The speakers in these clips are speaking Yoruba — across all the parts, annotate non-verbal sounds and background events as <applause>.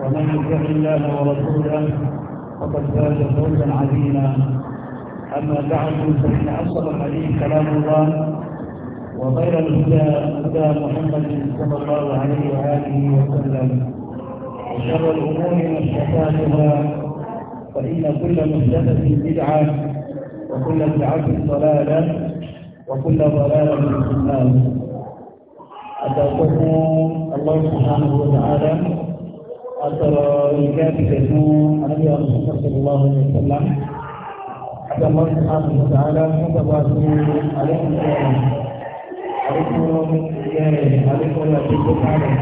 ومن يطع الله ورسوله فقد فاز فوزا عظيما اما بعد فان اصل الحديث كلام الله وخير الهدى هدى محمد صلى الله عليه واله وسلم وشر الامور محدثاتها فان كل محدثه بدعه وكل بدعه ضلاله وكل ضلاله في النار أتاكم الله سبحانه وتعالى àtọ̀rọ̀ ìgbà ìgbẹ̀ fún àríyá sallallahu alaihi wasallam àjọmọ́ àti ìsàárá nígbàgbà sí àlékún rẹ̀ àlékún rẹ̀ àlékún rẹ̀ àti ìgbésà rẹ̀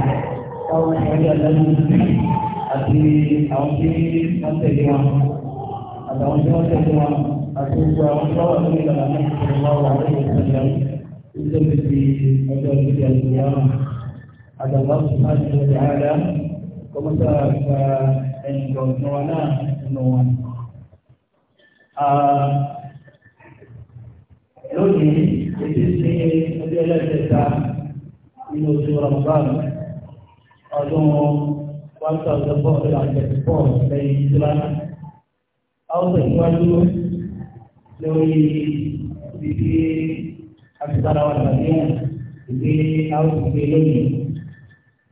táwọn ìpínlẹ̀ àdájú àti àwọn tí wọ́n tẹ̀lé wọn àtàwọn tí wọ́n tẹ̀lé wọn àti gbogbo àwọn tí wọ́n wà lórí ìlànà náà sallallahu alaihi wasallam nítorí ti ọjọ́ ìgbésà ìgbéyàwó àjọmọ́ àti ìsàárá kọ́mọ́tà gba ẹ̀yìn kọ̀ọ̀kan wa náà nínú wọn. lónìí ètò ìsìn ọjọ́ ẹlẹ́ẹ̀kẹta nínú oṣù Ramadan ọdún one thousand four hundred and thirty four lẹ́yìn ìtura. a ó tẹ̀síwájú lórí ibi àti sára wa tàbí ìdí a ó lónìí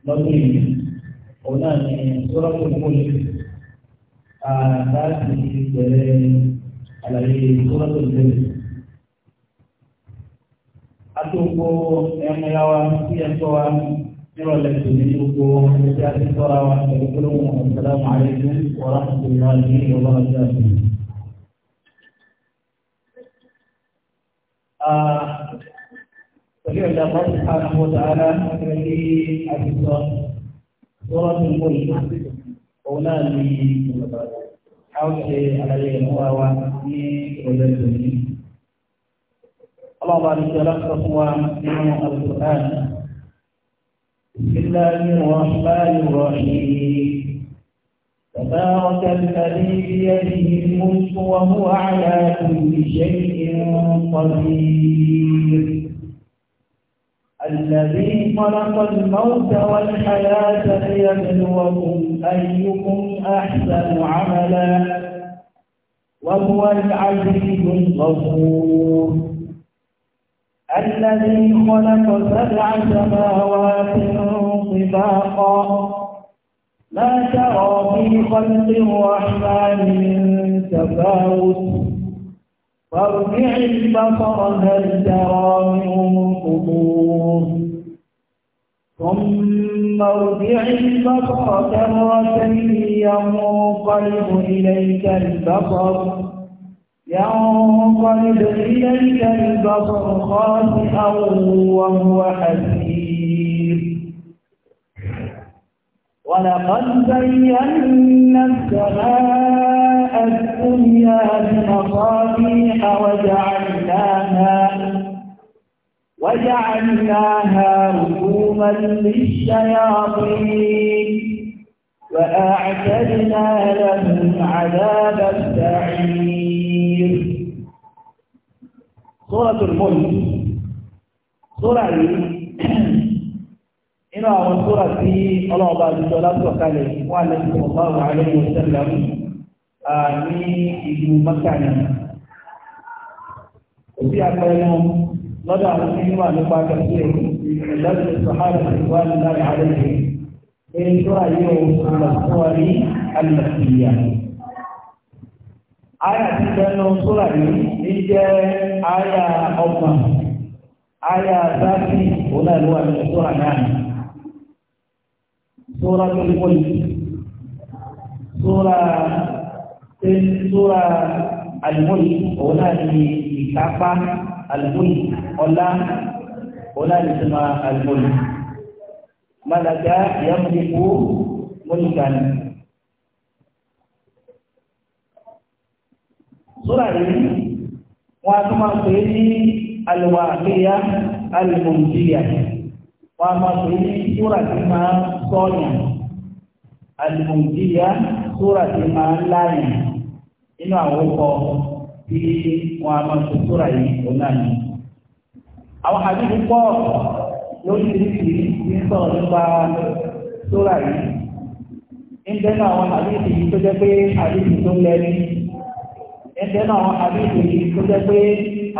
lọ́dún yìí ọ̀nà ni sọ́rọ́ tó kọ́ lé àtàkì bẹ̀rẹ̀ àlàyé sọ́rọ́ tó lé. Atúgbò ẹ̀mẹ́ra wa sí ẹ̀tọ́ wa nírọ̀lẹ́ tó ní gbogbo ẹ̀jẹ̀ àti sọ́ra wa pẹ̀lú gbólóhùn ọ̀sálàmù àlejò ọ̀rá tó lọ ní ìrọ̀lọ́ ọjọ́ àti. Pẹ̀lú ọ̀dà bá ti ká àwọn ọ̀dà ara ẹgbẹ́ àti sọ́ra lọ́wọ́ tó ń bọ̀ yìí òun náà ní a ó ṣe àlàyé ìmúra wa ní ìrọ̀lẹ́ tòní. ọlọ́ọ̀bá ní sọ láti sọ fún wa nínú alukur'an. بسم الله الرحمن الرحيم تبارك الذي بيده الملك وهو على كل شيء قدير الذي خلق الموت والحياة ليبلوكم أيكم أحسن عملا وهو العزيز الغفور الذي خلق سبع سماوات طباقا ما ترى في خلق الرحمن من تفاوت فارجع البصر هل ترى منهم القبور ثم ارجع البصر كرتين ينقلب إليك البصر ينقلب إليك البصر خاسئا وهو حزين ولقد زينا السماء الدنيا بمصابيح وجعلناها وجعلناها رجوما للشياطين وأعتدنا لهم عذاب السعير سورة الملك سورة nínú àwọn sóra tí ọlọ́ọ̀bá àdúgbò lásọ̀kalẹ̀ wà lẹ́yìn ọ̀pá wàhálẹ́ ìwọ̀sẹ̀lẹ̀ ní ìlú mọ́kànnà òbí àpẹẹrẹ lọ́dọ̀ àwọn tí wà nípa kẹsíẹ̀ ìlọ́sẹ̀ sọ̀hálà ìwà níláyà àlejò pé sóra yóò sọ̀rọ̀ sọ́wọ́ ní alìmọ̀síyà. Aya ti bẹnu sóra yìí ní jẹ́ aya ọgbọ̀n, aya sáfì òun náà ló wà nínú sóra náà. سورة الملك سورة سورة الملك هنا لكافة الملك ولا هنا لسمى الملك ملك يملك ملكا سورة yìí wọ́n a tún máa pè é ní alùwàkíyà alùmùsíyà wọn a máa pè ní súrà tí máa ń sọyàn àlùmọ̀jíyà súrà tí máa ń láyàn nínú àwọn ọkọ̀ tí wọn a máa pè súrà yìí tó náà ni. àwọn àdúgbò pọ̀ lóríṣiríṣi ti ń sọ̀rọ̀ nípa súrà yìí. Ẹgbẹ́ náà àwọn àdéhùn yìí tó jẹ́ pé àdéhùn tó lẹ́ni. Ẹgbẹ́ náà àwọn àdéhùn yìí tó jẹ́ pé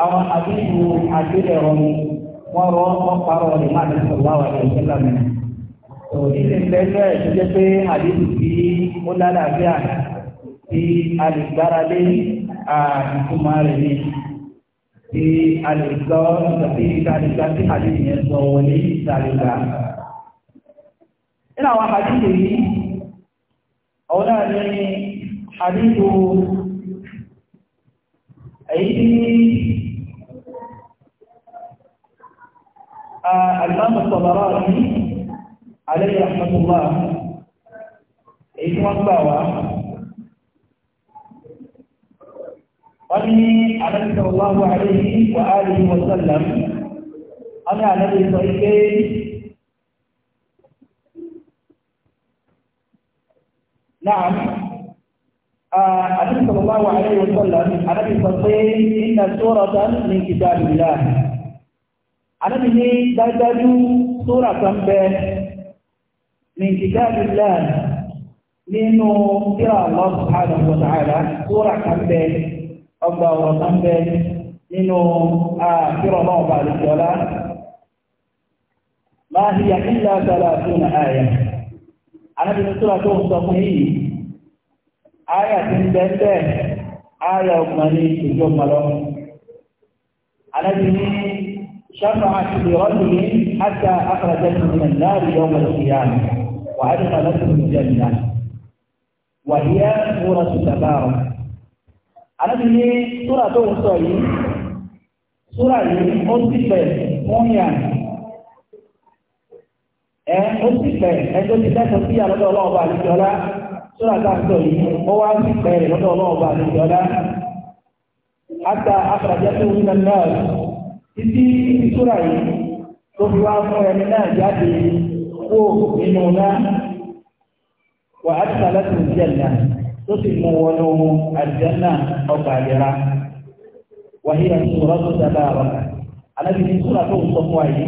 àwọn àdéhùn àgbélẹ̀rọ̀ ni wọ́n rọ wọ́n parọ́ rẹ̀ máa ní sọ̀rọ̀ àwọn ẹ̀rọ ìṣẹ́lá mi. tó ilé ìfẹ́ bẹ́ẹ̀ tó jẹ́ pé àdéhùn tí ó lálàáfíà tí a lè gbára lé àìsùnmọ́ rẹ̀ ni tí a lè àwọn àdéhùn yìí ọ̀hún náà ní àdéhùn èyí آه، الإمام الطبراني عليه رحمة الله اسمه الطاوة قال عليه صلى الله عليه وآله وسلم أنا الذي صحيحين نعم أنا آه، صلى الله عليه وسلم النبي صحيح إن سورة من كتاب الله Ànábì ní dájúdájú sóra kan bẹ ní kìtàbí láà nínú tírà Allah subhanahu wa ta'ala sóra kan bẹ ọgbà ọ̀rọ̀ kan bẹ nínú àkírọ̀ náà bá lè jọlá. Máa hi àkílá sára fún àyà. Ànábì ní sóra tó ń sọ fún yìí. Àyà ti ń bẹ́ẹ̀ bẹ́ẹ̀, àyà ọgbọ̀n ní ìjọ mọ̀lọ́. Ànábì ní شفعت لرجل حتى أخرجته من النار يوم القيامة وأدخلته الجنة وهي سورة تبارك alábìlẹ من tó ń sọ yìí súrà yìí ó sì pẹ fún yà ẹ ó sì pẹ ẹjọ́ ti lẹsọ sí àlọ́dọ̀ ọlọ́ọ̀bà àdìjọlá súrà tá a yìí ó wá sí pẹ ọlọ́ọ̀bà àdìjọlá àtà àfàràjẹ tó wí náà títí ìtura yìí tó fi wá fún ẹni náà jáde kó nínú náà wà á ti sàlẹ̀ tó ń jẹ́ náà tó sì mú wọnú àjẹ́nà ọgbà àjẹrà wàhí àtúntò tó dábà àbàkà alábi ní sùúrà tó ń sọ fún àyè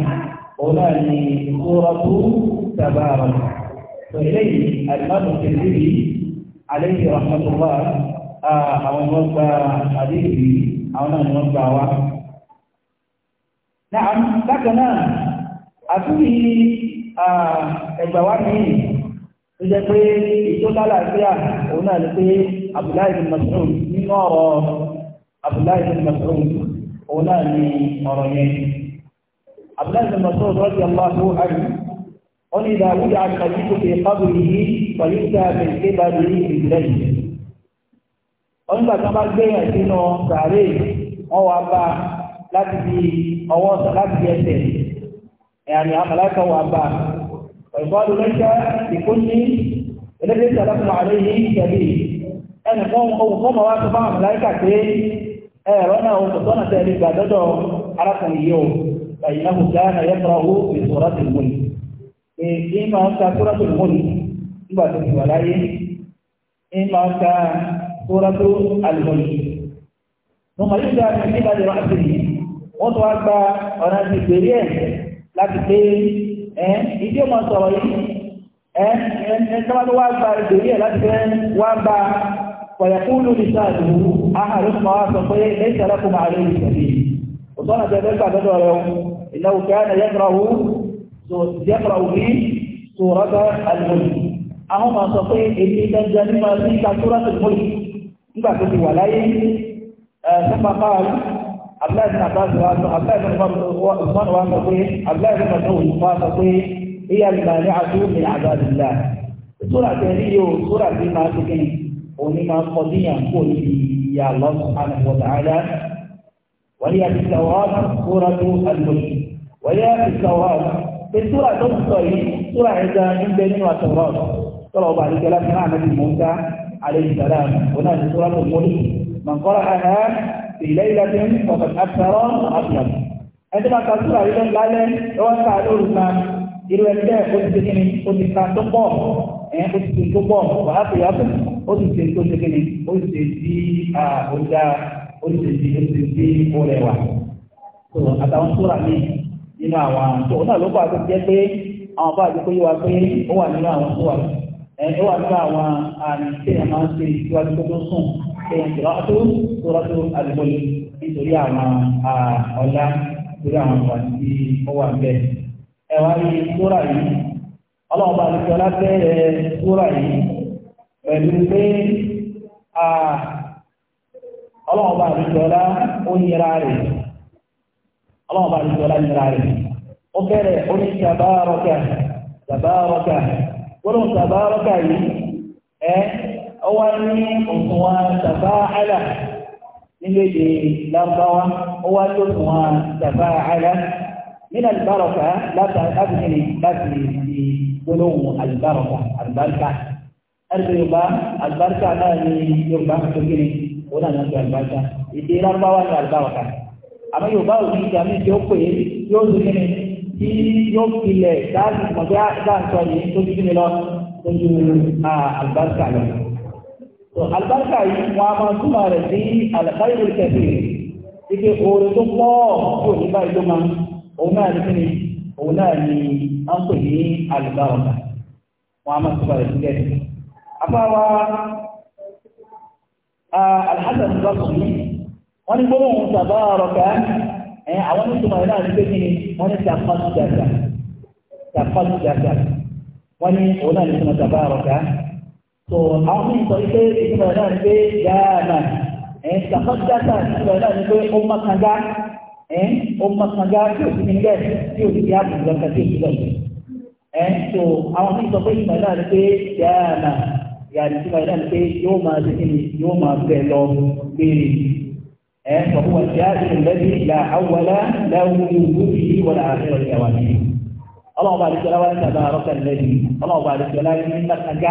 òun náà ní sùúrà tó dábà àbàkà tó àdìmọ́tò kẹsìrì àlẹ́yìn rahmatullah àwọn ọmọ gba àdéhìí àwọn náà ni wọ́n gba wa náà bákan náà àtúbí ẹgbà wá ní tó jẹ́ pé ètò lálàáfíà òun náà lè pé Abdullahi bin Mas'ud nínú ọ̀rọ̀ Abdullahi bin Mas'ud òun náà ní ọ̀rọ̀ yẹn Abdullahi bin Mas'ud radiyallahu anhu قل إذا وجع الحديث في قبره فيؤتى بالكبر رجليه. قل بكما بين سنو سعريه láti fi ọwọ́ sọ láti fi ẹsẹ̀ ẹ̀yàní àmàlákà wà bá ọ̀gbọ́dún lẹ́sẹ̀ ìkúnni ẹlẹ́dẹ́ sàlámù àárẹ̀ yìí tẹ̀lé ẹnì kan ohun kan máa wá sọ fún àmàlákà pé ẹ̀rọ náà ohun tó tọ́nà tẹ̀lé gbà dọ́dọ̀ arákùnrin yìí o ẹ̀yìn náà kò dá ẹ̀nà yẹn tọ́ra owó ìṣòro àti ìmúni èyí máa ń ka tóra tó ìmúni nígbà tó ti wà láyé èyí ń ka tóra tó wọ́n tó wá gba ọ̀nà ti ìgbèrí ẹ̀ láti pé ẹ́ ìdí ọmọ sọ̀rọ̀ yìí ẹ́ ẹ́ sábà tó wá gba ìgbèrí ẹ̀ láti pé wá gba pọ̀yàkúlù ní sáàdù ahàrùn máa wá sọ pé lẹ́yìn sára máa rí ìṣẹ̀lẹ̀ òtọ́nà tẹ fẹ́ gbàdọ́dọ̀ rẹ̀ ìnáwó kẹ́ ẹ̀ yẹ́kọ̀ọ́ abdullahi bin abbas wa sọ abdullahi bin usman wa sọ pé abdullahi bin mas'ud wa sọ pé iye alimani atu min abadillah sóra tẹ̀lé yìí o sóra tí máa ti kí ni òní máa kọ níyà kó ní ìyá Allah subhanahu wa ta'ala wọ́n yà ti sàwọ́ sóra tó alùpùpù wọ́n yà ti sàwọ́ pé sóra tó sọ yìí sóra yẹn gan ń bẹ nínú àtọ̀rọ̀ sọ̀rọ̀ ọba àdìgbẹ́lá fún àmì mọ́ta alẹ́ ìsàlá ọ̀nà àti sóra tó mọ́lì mọ̀nkọ́ra ahẹ́ في ليلة وقد أكثر أبيض عندما تصل إلى الليل توسع الأولى إلى الكاف وتسكني وتسكن تقوم وتسكن تقوم وأبيض وتسكن تسكني وتسكن أولى وتسكن وتسكن أولى واحد àtàwọn súra mi nínú àwọn àtò náà ló bá tó jẹ́ pé àwọn bá àdúgbò yíwa pé ó wà nínú àwọn súra ẹ̀ ó wà nínú àwọn àmì tí èèyàn máa ń ṣe ìwádìí tó tó sùn ìrọ́tò sórọ́tò àdúgbòlù nítorí àwọn ọ̀la nítorí àwọn àǹfààní tí ó wà bẹ́ẹ̀. ẹ wá rí sóra yìí ọlọ́run bá ti ọlá bẹ́ẹ̀ sóra yìí pẹ̀lú pé ọlọ́run bá ti ọlá ó nira rẹ̀ ọlọ́run bá ti ọlá nira ọwá ní òṣùwọ̀n tàbáàlà nílé èdè lárúbáwá ọwá tó òṣùwọ̀n tàbáàlà nínú àlùbárọ̀kà látàrí láti di gbólóhùn àlùbárọ̀kà àlùbáríkà ẹ̀rọ yorùbá àlùbáríkà náà ní yorùbá tó kéré òun náà lọ́jọ́ àlùbáríkà èdè lárúbáwá ní àlùbárọ̀kà àmọ́ yorùbá ò ní ìjà mi tí ó pè é yóò tún kéré tí yóò pilẹ̀ dáàbò mọ̀gbẹ́ dáàbò sọ̀rọ̀ yìí tó kéré lọ lójú àlùbáríkà lọ́wọ́ tó alibarika yìí wọn a máa túmọ̀ rẹ̀ sí alikairu kẹfì ike oore tó pọ̀ tó ní báyìí ló máa òun náà ní kíni òun náà ní à ń pè ní alibarika wọn a máa túmọ̀ rẹ̀ sí kẹfì. afáwa alhassan basri wọn ní gbólóhùn sábà rọ̀ká ẹ̀ àwọn oníṣòwò náà ní kíni wọn ní sàkọ́tù dàgbà sàkọ́tù dàgbà wọn ní òun náà ní sàkọ́tù dàgbà rọ̀ká. So àwọn mí sọ pé ìtumọ̀ náà ni pé yáàmà ẹ̀ sàkọ́játa ìtumọ̀ náà ni pé ó má kanga ẹ̀ ó má kanga tí ò sí ní bẹ́ẹ̀ tí ò sí ní àbùkù lọ́kàn tí ò sí lọ́kàn ẹ̀ tó àwọn mí sọ pé ìtumọ̀ náà ni pé yáàmà yàrá ìtumọ̀ náà ni pé yóò máa ṣe kí ni yóò máa bẹ̀ lọ béèrè ẹ̀ fọwọ́ wọn ti àti ìlẹ́bí ìlà àwọlá láwọn ìtàgbà àrọ́kà lẹ́yìn ọlọ́wọ́ bá a lè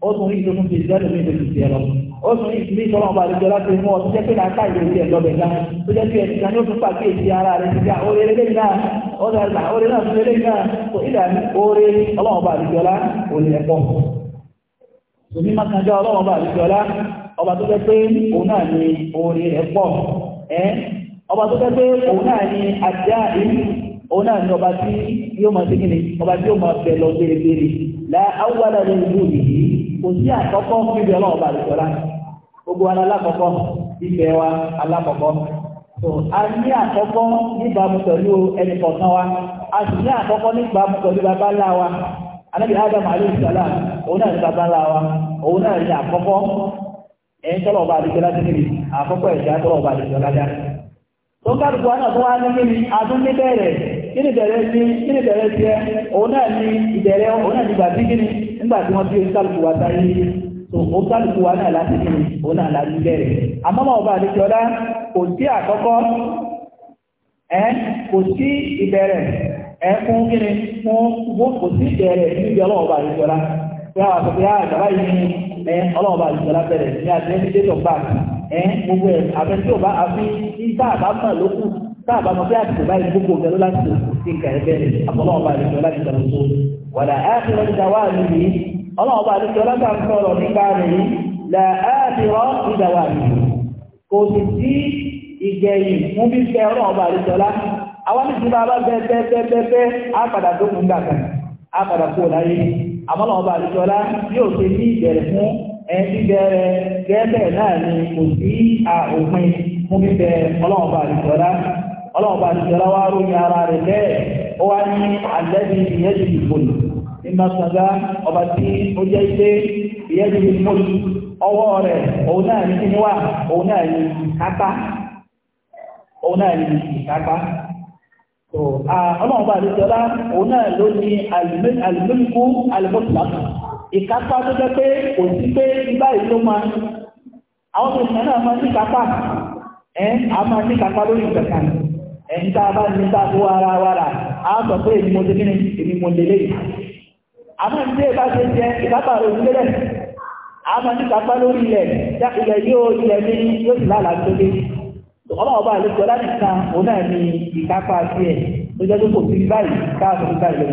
ó tún yìí tó tún fi ìjẹ́lù mi lòdì sí ẹ̀rọ ó tún yìí ní ìjọba ọba àlejò láti mú ọ tó jẹ́ pé làákà ìlú ti ẹ̀dọ́ bẹ̀ gan tó jẹ́ pé ẹ̀sìn kan èsì ara rẹ̀ ti oore náà ó oore náà tún náà oore ọlọ́wọ́n ọba ẹ̀kọ́ ọlọ́wọ́n ọba ọba tó òun náà ni ọba tí yóò máa segin ni ọba tí yóò máa bẹ lọ la awúgbàdà ló ń bù yìí kò sí àkọ́kọ́ ọlọ́run ọba àdìsọ́lá gbogbo wa alákọ̀ọ́kọ́ bíbẹ̀ wa alákọ̀ọ́kọ́ tó a ní àkọ́kọ́ kọ̀ọ̀kan wa a sì ní àkọ́kọ́ níbàámu ńlá wa anábì adam òun náà ní ńlá wa òun náà ní àkọ́kọ́ ẹ̀ ń tọ́lọ̀ tó kálùkù wọn náà tó wá ní adún ní kíni sí kíni sí ẹ òun náà ní òun náà ní ìgbà kíni nígbà tí bí tó náà láti kíni òun náà láti ọba kò sí àkọ́kọ́ ẹ kò sí ẹ fún kíni fún kò sí ẹ̀ gbogbo ẹ̀ àfẹ́ tí ò bá àfi ló kù a mọ̀ pé àtìkù báyìí gbogbo ọ̀gá ló láti àbọ̀lọ́ ọba tó wàdà áàfin wà ọlọ́wọ́ ọba sọ̀rọ̀ nípa là áàfin ìjà wà kò sì sí ìgbẹ̀yìn fún fífẹ́ ọlọ́wọ́ ọba ẹni bẹ̀rẹ̀ gẹ́gẹ́ náà ni kò sí àòpin fún bíbẹ̀ ọlọ́ọ̀bà àdìsọ́lá ọlọ́ọ̀bà àdìsọ́lá wá ròyìn ara rẹ̀ bẹ́ẹ̀ ó wá ní àlẹ́bí ìyẹ́jì ìfòlù nínú ọ̀sánlá ọba tí ó jẹ́ ilé ìyẹ́jì ìfòlù ọwọ́ rẹ̀ òun náà ní kíní wà òun náà ní kápá òun náà ní kápá ọlọ́ọ̀bà àdìsọ́lá òun náà ló ní àlùmọ́lùkù àlùmọ́lùkù ìkápá tó jẹ́ pé kò sí pé ibá ìlú máa àwọn òṣìṣẹ́ náà máa ní kápá ẹ̀ a máa ní kápá lórí ìgbẹ̀kan ẹ̀yìn tá a bá ní tá a fún ara wa rà á sọ pé èmi mo dénú èmi mo lélẹ̀ yìí àmọ́ ní bá ṣe jẹ ìkápá rẹ̀ òun lélẹ̀ a máa ní kápá lórí ilẹ̀ ilẹ̀ yóò ilẹ̀ mi yóò sì lálàá tó dé ọmọ ọba àlejò láti kan òun náà ní ìkápá tiẹ̀ tó jẹ́ tó kò sí báyìí káàkiri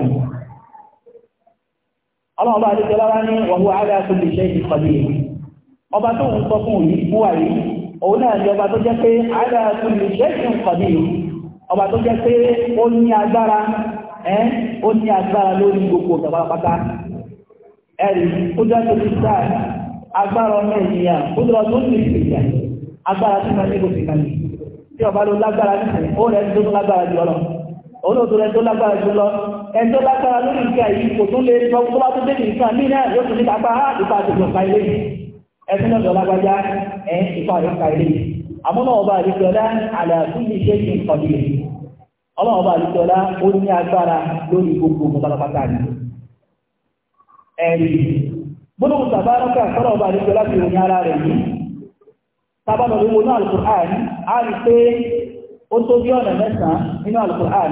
ọlọ́ọ̀bá àdíjẹ́ lára ní wọ̀hú aláàkùnlé iṣẹ́ ìkọ̀lẹ̀ ọba tó ń sọ fún òní fún àyí òun náà ni ọba tó jẹ́ pé aláàkùnlé iṣẹ́ ìkọ̀lẹ̀ ọba tó jẹ́ pé ó ní agbára ẹ́ ó ní agbára lórí gbogbo ọ̀gbàpátá ẹ̀rì olóòtú rẹ̀ tó lágbára jù lọ ẹni tó lágbára lórí nǹkan yìí kò tún lè sọ tó bá tún dé ní nǹkan mí náà yóò tún ní kápá ìfà àti ìfà ilé ẹtún lọ́dọ̀ lágbájá ẹ̀ ìfà ìfà ilé àmúnà ọba àdìsọ́lá àlàáfíà iṣẹ́ ti ń kọ̀dí rẹ̀ ọlọ́run ọba àdìsọ́lá ó ní agbára lórí gbogbo mọ́tàlápátá rẹ̀ ẹ̀rí gbọ́dọ̀ sàbárọ́kà sọ́rọ̀ ọba àdìsọ́lá Al-Qur'an á rí pé ó tó bí Al-Qur'an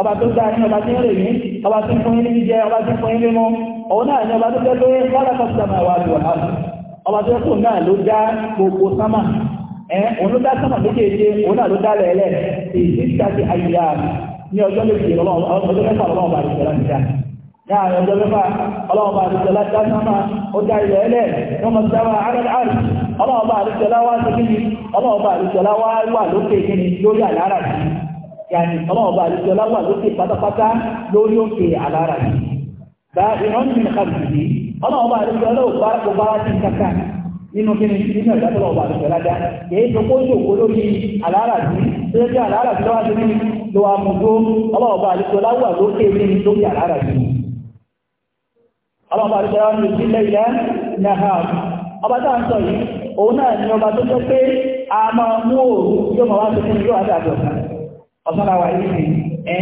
ọba tó ní ọba tí ń ọba tí ń fún jẹ ọba tí ń fún yín ní mú náà ní ọba tó jẹ́ tó jẹ́ pé gbogbo yàní ọlọ́wọ́ bá àdúgbò láwà lókè pátápátá lórí òkè àlára yìí bá ìran ní ìkàlùkì ọlọ́wọ́ bá àdúgbò ọlọ́wọ́ bá kò bá ti kàkà nínú kí ni nínú ìdá tọ́lọ́wọ́ bá àdúgbò lájá èyí tó kó ìṣòkó lórí àlára yìí tó jẹ́ àlára yìí lọ́wọ́ sí ló wà mú tó ọlọ́wọ́ bá àdúgbò láwà lókè nínú lórí àlára yìí ọlọ́wọ́ bá àdúgbò láwà lókè ilẹ̀ ọba tá ń sọ yìí òun náà ni ọba tó jẹ́ pé a máa mú òru yóò máa wá sí fún ìlú àti àjọ̀kan ọ̀sára wa yìí ẹ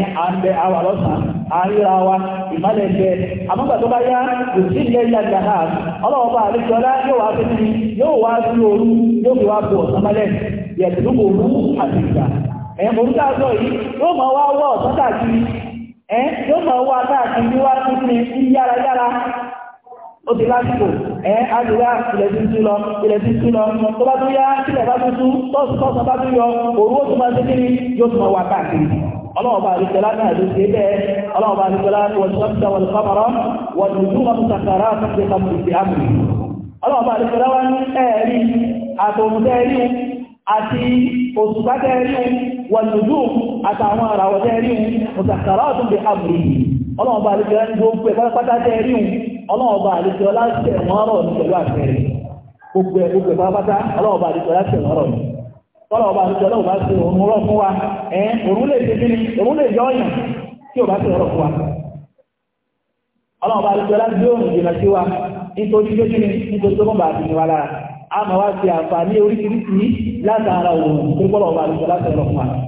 àwà lọ́sàn àríra wa ìmọ́lẹ̀ bẹ àmọ́gbà tó bá yá kò sí ilé ilé náà yóò wá sí ní yóò wá sí òru yóò fi wá bu ọ̀sán mọ́lẹ̀ àti ìgbà ó ti lásìkò ẹ àdúrà ilẹ̀ tí ń tú lọ ilẹ̀ tí ń tú lọ tó bá tún yá sílẹ̀ bá tún tú tọ́sù tọ́sù bá tún yọ òru ó tún máa ṣe kíni yóò tún máa wà káàkiri ọlọ́ọ̀bá àdìsẹ́lá náà ló ṣe bẹ́ẹ̀ ọlọ́ọ̀bá àdìsẹ́lá wọ́n ti sọ́kítà wọ́n kọ́mọ̀rọ́ wọ́n ti tún wọn sàkàrà àti ṣe kàmù ìṣe àmì ọlọ́ọ̀bá àdìsẹ́lá wá ní ẹ̀ẹ́rí àtòmùtẹ́ẹ́rí àti òṣùpátẹ́ẹ́rí wọ́n ti tún àtàwọn àràwọ̀tẹ́ẹ́rí mùsàkàrà ọ̀tún bí àmì ọlọ́ọ̀bá àdìsẹ́lá ní gbogbo ẹ̀ pátápátá tẹ́ẹ̀rí ọlọ́ọ̀bá àlejò aláṣẹ wọn ní pẹ̀lú àfẹ́rẹ́ gbogbo ẹ̀ gbogbo ọlọ́ọ̀bá àlejò aláṣẹ ní ọlọ́ọ̀bá ọlọ́ọ̀bá ṣe òun fún wa ẹ̀ òun lè ṣe kíni òun lè yọ tí ò bá ṣe rọ̀ fún wa ọlọ́ọ̀bá òun jìnà sí wa lára a máa wá ṣe àǹfààní oríṣiríṣi látara òun tó gbọ́dọ̀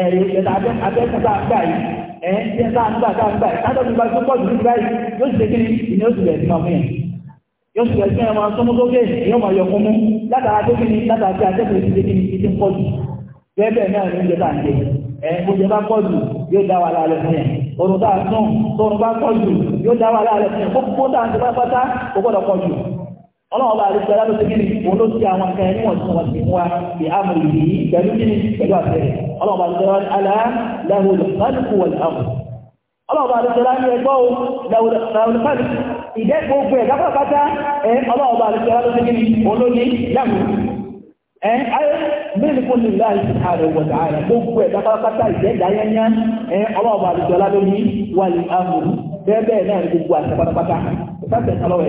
ẹ̀rí ìṣẹ̀dá abẹ́kúta gbà yìí ẹ̀ ń tiẹ̀ tá à ń gbà tá à ń gbà yìí tájọ́ nípa tó pọ̀ jù nípa yìí yóò sì kékeré ìní oṣù rẹ̀ sínú ọmọ yẹn yóò sì rẹ̀ sínú ọmọ sọmọ tó kéè yóò máa yọ kúnmú látara tó kékeré látara tí atẹ́kùn ti kékeré ti ti ń pọ̀ jù bẹ́ẹ̀ náà ni oúnjẹ tá à ń jẹ ẹ̀ oúnjẹ bá pọ̀ jù yóò dá wa lálẹ́ fún yẹn òrùn tá à ń sùn tóorùn bá pọ̀ jù yóò dá wa lálẹ́ fún yẹn gbogbo tá à ń ti pátápátá kò gbọ́dọ̀ pọ̀ jù ọlọ́run bá àrísọ ya tó kíni òun àwọn nǹkan ẹni tí wọ́n ti mú wa bí àmì yìí pẹ̀lú kíni pẹ̀lú àtẹ̀rẹ̀ ọlọ́run bá àrísọ alá láwùlù fálùkù wọ̀lù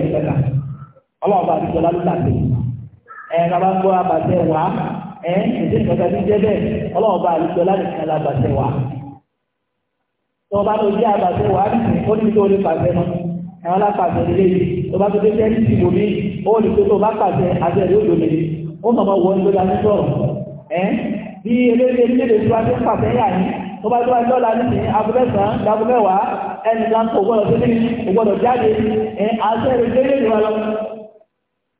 àmù ọlọ́ọ̀bá àdúgbò lálùkàtì ẹ bàbá gbọ́ abàtẹ wá ẹ èdè ìjọba ti jẹ́ bẹ́ẹ̀ ọlọ́ọ̀bá àdúgbò lálùkàtì abàtẹ wá tó bá tó jẹ́ abàtẹ wá nìyí ó ní tó lè pàṣẹ mọ́ ẹ̀wọ́n lápàṣẹ lélẹ́ yìí tó bá tó dé tẹ́lí ti wò mí ó lè tó tó bá pàṣẹ àtẹ̀lé òjò lè ó mọ̀ mọ́ wọ́n lórí àti sọ̀rọ̀ ẹ bí eléyìí eléyìí tó bá tó pàṣẹ yà ní tó bá tó bá lọ́la ní abúlẹ́sàn dábúlẹ́wàá ẹnìkan kò gbọ́dọ̀ tó ní kò gbọ́dọ̀ jáde ẹ àṣẹ ìgbélé ìwà lọ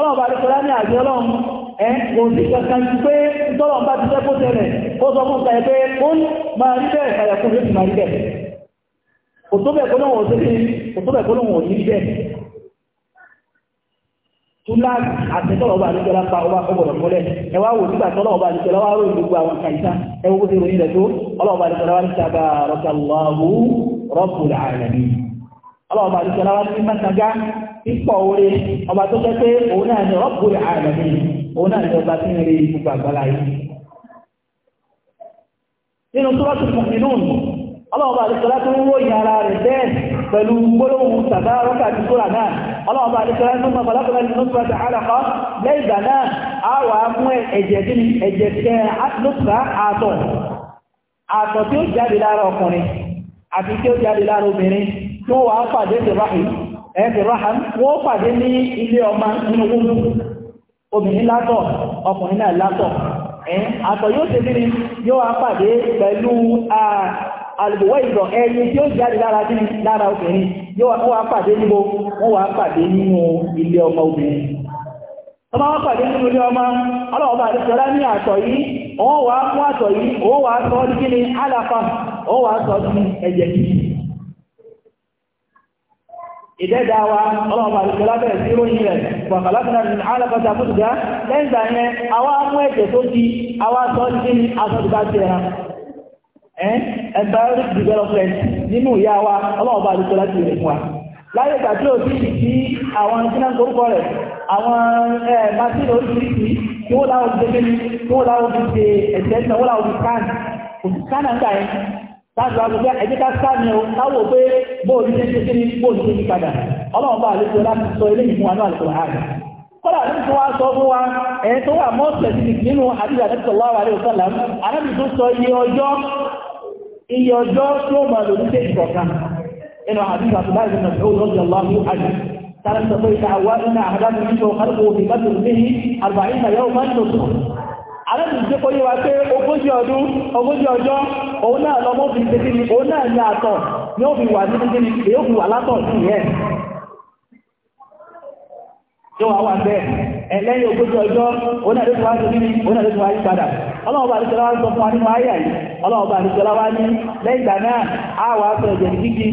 ọlọ́run bá dẹ́kọ̀ọ́ láti àjọ ọlọ́run ẹ̀ kò sí kankan ju pé tọ́lọ́run bá ti fẹ́ kó tẹ̀lẹ̀ ó sọ fún ìgbà pé ó ń máa rí bẹ́ẹ̀ padà kún lóṣù máa rí bẹ́ẹ̀ kò tó bẹ̀ gbólóhùn òṣè sí kò tó bẹ̀ gbólóhùn òní rí bẹ́ẹ̀ túlá àti tọ́lọ́run bá dẹ́kọ̀ọ́ lápá ọba ọgbọ̀dọ̀ mọ́lẹ̀ ẹ wá wò nígbà tọ́lọ́run bá dẹ́kọ̀ọ́ láwá rò gbogbo àwọn kàìsá ẹ wo bó ṣe ròyìn rẹ̀ tó ọlọ́run bá dẹ́kọ̀ọ́ láwá ní sábà rọ́kàlọ́wọ́ rọ́pùlà àrẹ̀mí ọlọ́run bá dẹ́kọ̀ọ́ láwá ní mẹ́tàgá pípọ̀ orí ọba tó jẹ́ pé òun náà ni Rabbul òun náà ni ọba tí ń rí gbogbo àgbàlá yìí nínú Suratul Mu'minun ọlọ́ọ̀bá àdìsọ́lá tó ń ròyìn ara rẹ̀ bẹ́ẹ̀ pẹ̀lú gbólóhùn rọ́pà àti náà ọlọ́ọ̀bá àdìsọ́lá tó a ẹ̀jẹ̀ àtọ̀ àtọ̀ tí ó jáde lára ọkùnrin àti tí ó jáde lára ẹ̀ẹ́fì rọ́hàn wọ́n pàdé ní ilé ọmọ nínú wúlú obìnrin látọ̀ ọkùnrin náà látọ̀ ẹ̀yìn àtọ̀ yóò se bí ni yóò pàdé pẹ̀lú àlùbọ̀wọ́ ìdọ̀ ẹni tí ó jáde lára bí lára obìnrin yóò pàdé pàdé nínú ilé ọmọ obìnrin pàdé nínú ilé ọmọ ní àtọ̀ yìí sọ kí ni sọ ìdẹ́dáwa ọlọ́ọ̀bà àdìsọ́lá bẹ̀rẹ̀ sí ìròyìn rẹ̀ wàkàlákùnrin ní alákọ̀ọ́ta bùdùdá lẹ́yìnbà yẹn àwa mú ẹ̀jẹ̀ tó di àwa sọ sí ní asọ́dùbá ti ẹran embryonic development nínú ìyá wa ọlọ́ọ̀bà àdìsọ́lá ti rẹ̀ fún wa láyé ìgbà tí ó sì sí àwọn ìsinà torúkọ rẹ̀ àwọn masínà oríṣiríṣi tí wọ́n láwọn ti ṣe kí wọ́n láwọn ti ṣe ẹ̀sẹ̀ láti wá gbogbo ẹ̀jẹ̀ ká sáàmì o táwọ̀ pé bóòlù ṣe ń ṣe kíni bóòlù ṣe ń padà ọlọ́run bá àlejò láti sọ eléyìí fún wa náà àlejò ààrẹ kọ́lá ní tí wọ́n sọ fún wa ẹ̀ tó wà mọ́ specific nínú àdúrà ní sọ̀lá wa ní ọ̀sán làm anábì tó sọ iye ọjọ́ iye ọjọ́ tí ó máa lò ní ṣe ìkọ̀kan nínú alábìsí kó yíwa pé ogójì ọdún ogójì ọjọ́ òun náà lọ mọ́ fi na ni òun náà ní àtọ̀ ni ó fi wà ní ni yóò wá wà bẹ́ẹ̀ ẹlẹ́yìn ogójì ọjọ́ onídàájọ́ wá lórí onídàájọ́ wá yí padà ọlọ́ọ̀bà àdìsọ́lá wá ń sọ fún wa nínú ayà yìí ọlọ́ọ̀bà àdìsọ́lá wá ní lẹ́yìn ìgbà náà a wà sọ ẹ̀jẹ̀ kíkì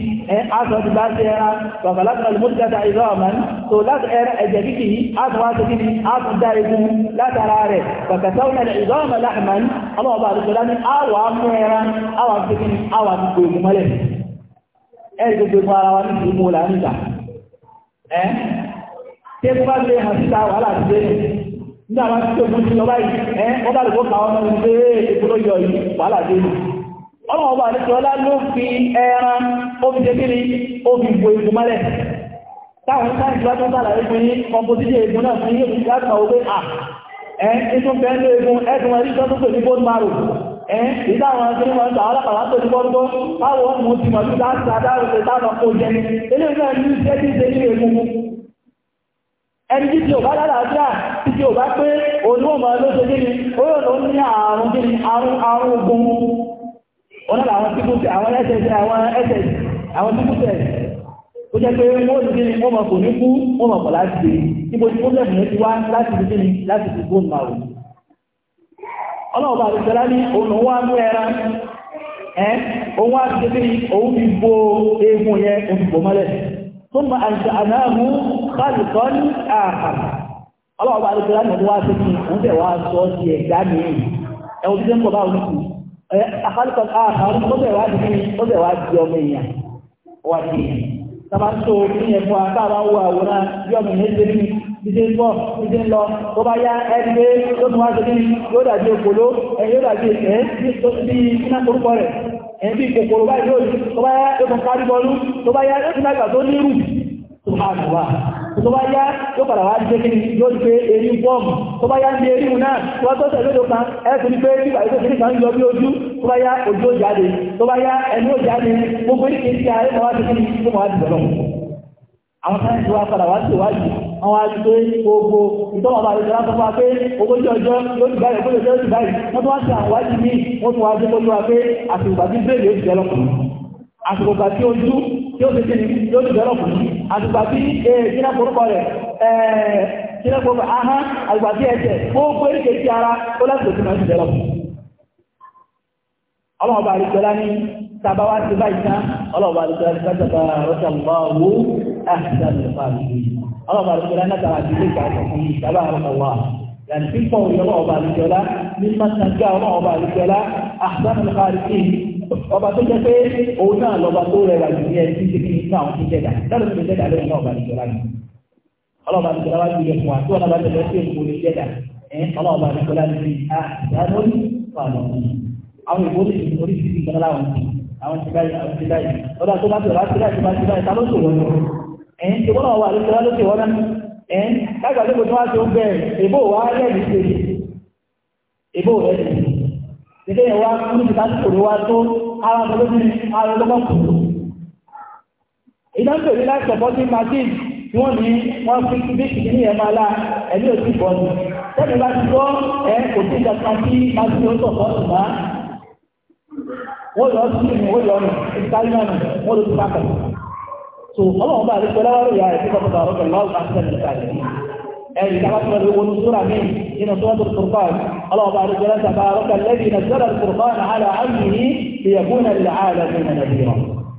aṣọ ti bá ṣe ẹran bàbá láti lọ lùmọ́ tíkàtà ìlú ọ̀mọ́ tó láti ẹran ẹ̀jẹ̀ kíkì yìí a tún wá sókè ní a tún dá egun látara rẹ̀ bàbá táwọn ẹ̀rẹ̀ ìlú ọ̀mọ́ láàmà ní ọlọ́ọ̀bà àdìsọ́lá ní a wà mú ẹran a wà sókè ní a wà gbogbo egun mọ́lẹ̀ ẹ̀rì gbogbo ara wa ní ìlú mú tí ma bá lè hàn síta wàhálà ti dé ọba yìí wọ́n bá ọba ọlá ló fi ẹran bo egun mọ́lẹ̀ táwọn bá egun náà fún wọlé à ètò bẹ́ẹ̀ egun wọn tó pè ní bone marrow ẹ akéwì wọn gbà mú ti mọ̀ jẹ eléyìí náà ní ẹni tí o bá lálàájá tí tí o bá pé olóòmọ̀ lóṣe gíní oòrùn ló ní àrùn gíní àrùn àrùn ogun onílà àwọn tíkútẹ̀ àwọn ẹsẹsẹ àwọn ẹsẹs àwọn tíkútẹ̀ o jẹ́ pé wọ́n ti gíní wọ́n ní kú wọ́n láti níbo tí ti wá láti gíní láti fi gbóhùn máa ní òun wá mú ẹ́ òun wá ti gíní òun fi bo eegun yẹn òun fi bò mọ́lẹ̀ ثم أنشأناه خلقا آخر ọlọ́wọ́ bá lókè láti wá sí ní oúnjẹ wá sọ sí ẹ̀dá ní ẹ̀wọ̀n tí ó ń kọ̀ bá wọn kù àkálùkọ̀ àkàrùn tó bẹ̀ wá di ní ó bẹ̀ wá di ọmọ èèyàn wà sí èèyàn sábà tó ní ẹ̀fọ́ àtàwọn owó àwòrán bí ọmọ èèyàn ṣe ní ìdí ń bọ̀ ìdí ń lọ tó bá yá ẹni pé ló tún wá sí ní yóò dàbí òkòló yóò dàbí ẹ̀ bí iná korúkọ rẹ̀ ẹ̀bí kòkòrò báyìí lórí tó bá yá yóò kárí bọ́lú tó bá yá yóò ti lágbà tó nírù tó bá nà wá tó bá yá yóò padà wá jẹ́ kí yóò ti pé erí bọ́ọ̀mù tó bá yá ní erí mu náà tó bá tó tẹ̀ lódò kan ẹ̀sùn àwọn sáyẹn ti wá padà wá sí ìwádìí àwọn àjíṣe gbogbo ìtọ́wọ̀ bá ìjọra tó wá pé ogójì ọjọ́ lórí báyìí ogójì ọjọ́ lórí báyìí wọ́n tó wá sí àwọn wájú ní wọ́n tó wá jẹ́ kó yíwa pé àsìkò àti bẹ́ẹ̀lì oṣù jẹ́lọ́pù àsìkò àti ojú tí ó ti kí ni yóò ti jẹ́lọ́pù àsìkò àti ìjìnà korúkọ rẹ̀ ìjìnà korúkọ ahán àsìkò àti ẹ̀jẹ̀ gbogbo èdè ti ara ó láti òtún máa ti jẹ́lọ́pù ọlọ́ọ̀bà àríkọlá ní tàbáwá ti báyìí tán ọlọ́ọ̀bà àríkọlá ní sájọba rọ́ṣà lọ́wọ́ àṣìṣàlùfà ọlọ́ọ̀bà àríkọlá látara ti lè gbàgbọ́ fún ìjàbá àrọ́kọ̀wà yàtí pípọ̀ òye ọlọ́ọ̀bà àríkọlá ní mọ́tàgá ọlọ́ọ̀bà àríkọlá àṣìṣàlùfà ọba tó jẹ́ pé òun náà lọ́ba tó rẹwà jù ní ẹni tí ti kí ní káwọn ti jẹ́dà lọ́dọ̀ tó jẹ́dà lóyún náà ọba àríkọlá yìí ọlọ́ọ̀bà àríkọlá wájú yẹ fún wa tí wọn náà bá tẹ̀lé sí jẹ́dà ẹ̀ ọlọ́ọ̀bà ní bí i àwọn ìbòrí oríṣiríṣi ìjọba láwọn ti àwọn ti báyìí àwọn ti báyìí ọ̀dà tó bá ti ọ̀dà ti báyìí tó bá ti báyìí ta ló sòwò lọ ẹ̀ ń ṣèwọ́n náà wà lóṣèlú wá lóṣèlú wọn ẹ̀ ń lágbà tó tó wá tó ń bẹ̀rẹ̀ èbó wa lẹ́ẹ̀mí ṣe èbó rẹ̀ ṣe ṣe wa kúrú ti láti kòrò wa tó ara tó lóṣù ara tó bá kù. ìdáǹtò ní láti sọ̀pọ̀ sí machine tí wọ́n ní wọ́n fi bí ìdílé ẹ̀ máa la ẹ̀mí òsì bọ́ọ̀lù tẹ́lẹ̀ bá ti gbọ́ ẹ̀ kò sí ìdàkàtì máa ti ó sọ̀pọ̀ ṣùgbọ́n wọ́n yọ sí ìrìn wọ́n yọ ọ̀nà ìtàlímọ̀nà wọ́n ló ti pàkà so ọlọ́run bá rí pẹ́lá wọ́n yà rẹ̀ síkọ̀ pọ̀tà ọ̀rọ̀ lọ́wọ́ àṣẹ ìtàlẹ̀ ẹ̀rì ìjọba tí wọ́n rí wọn sóra mí nínú tó wọ́n tó turkan ọlọ́run bá rí pẹ́lá sàbà ọ̀rọ̀kà lẹ́bi na sọ́ra turkan ala amìhí ti yẹ kúnà lè ààrẹ fún nàìjíríà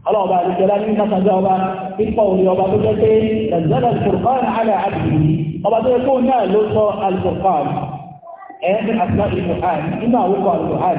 ọlọ́run bá rí pẹ́lá ní nàkàjọ ọba ipò orí ọba tó jẹ́ pé nàìjíríà turkan ala amìhí ọba tó yẹ kó náà ló sọ alfurkan ẹ̀ ní asma ìfurkan nínú àwòkọ alfurkan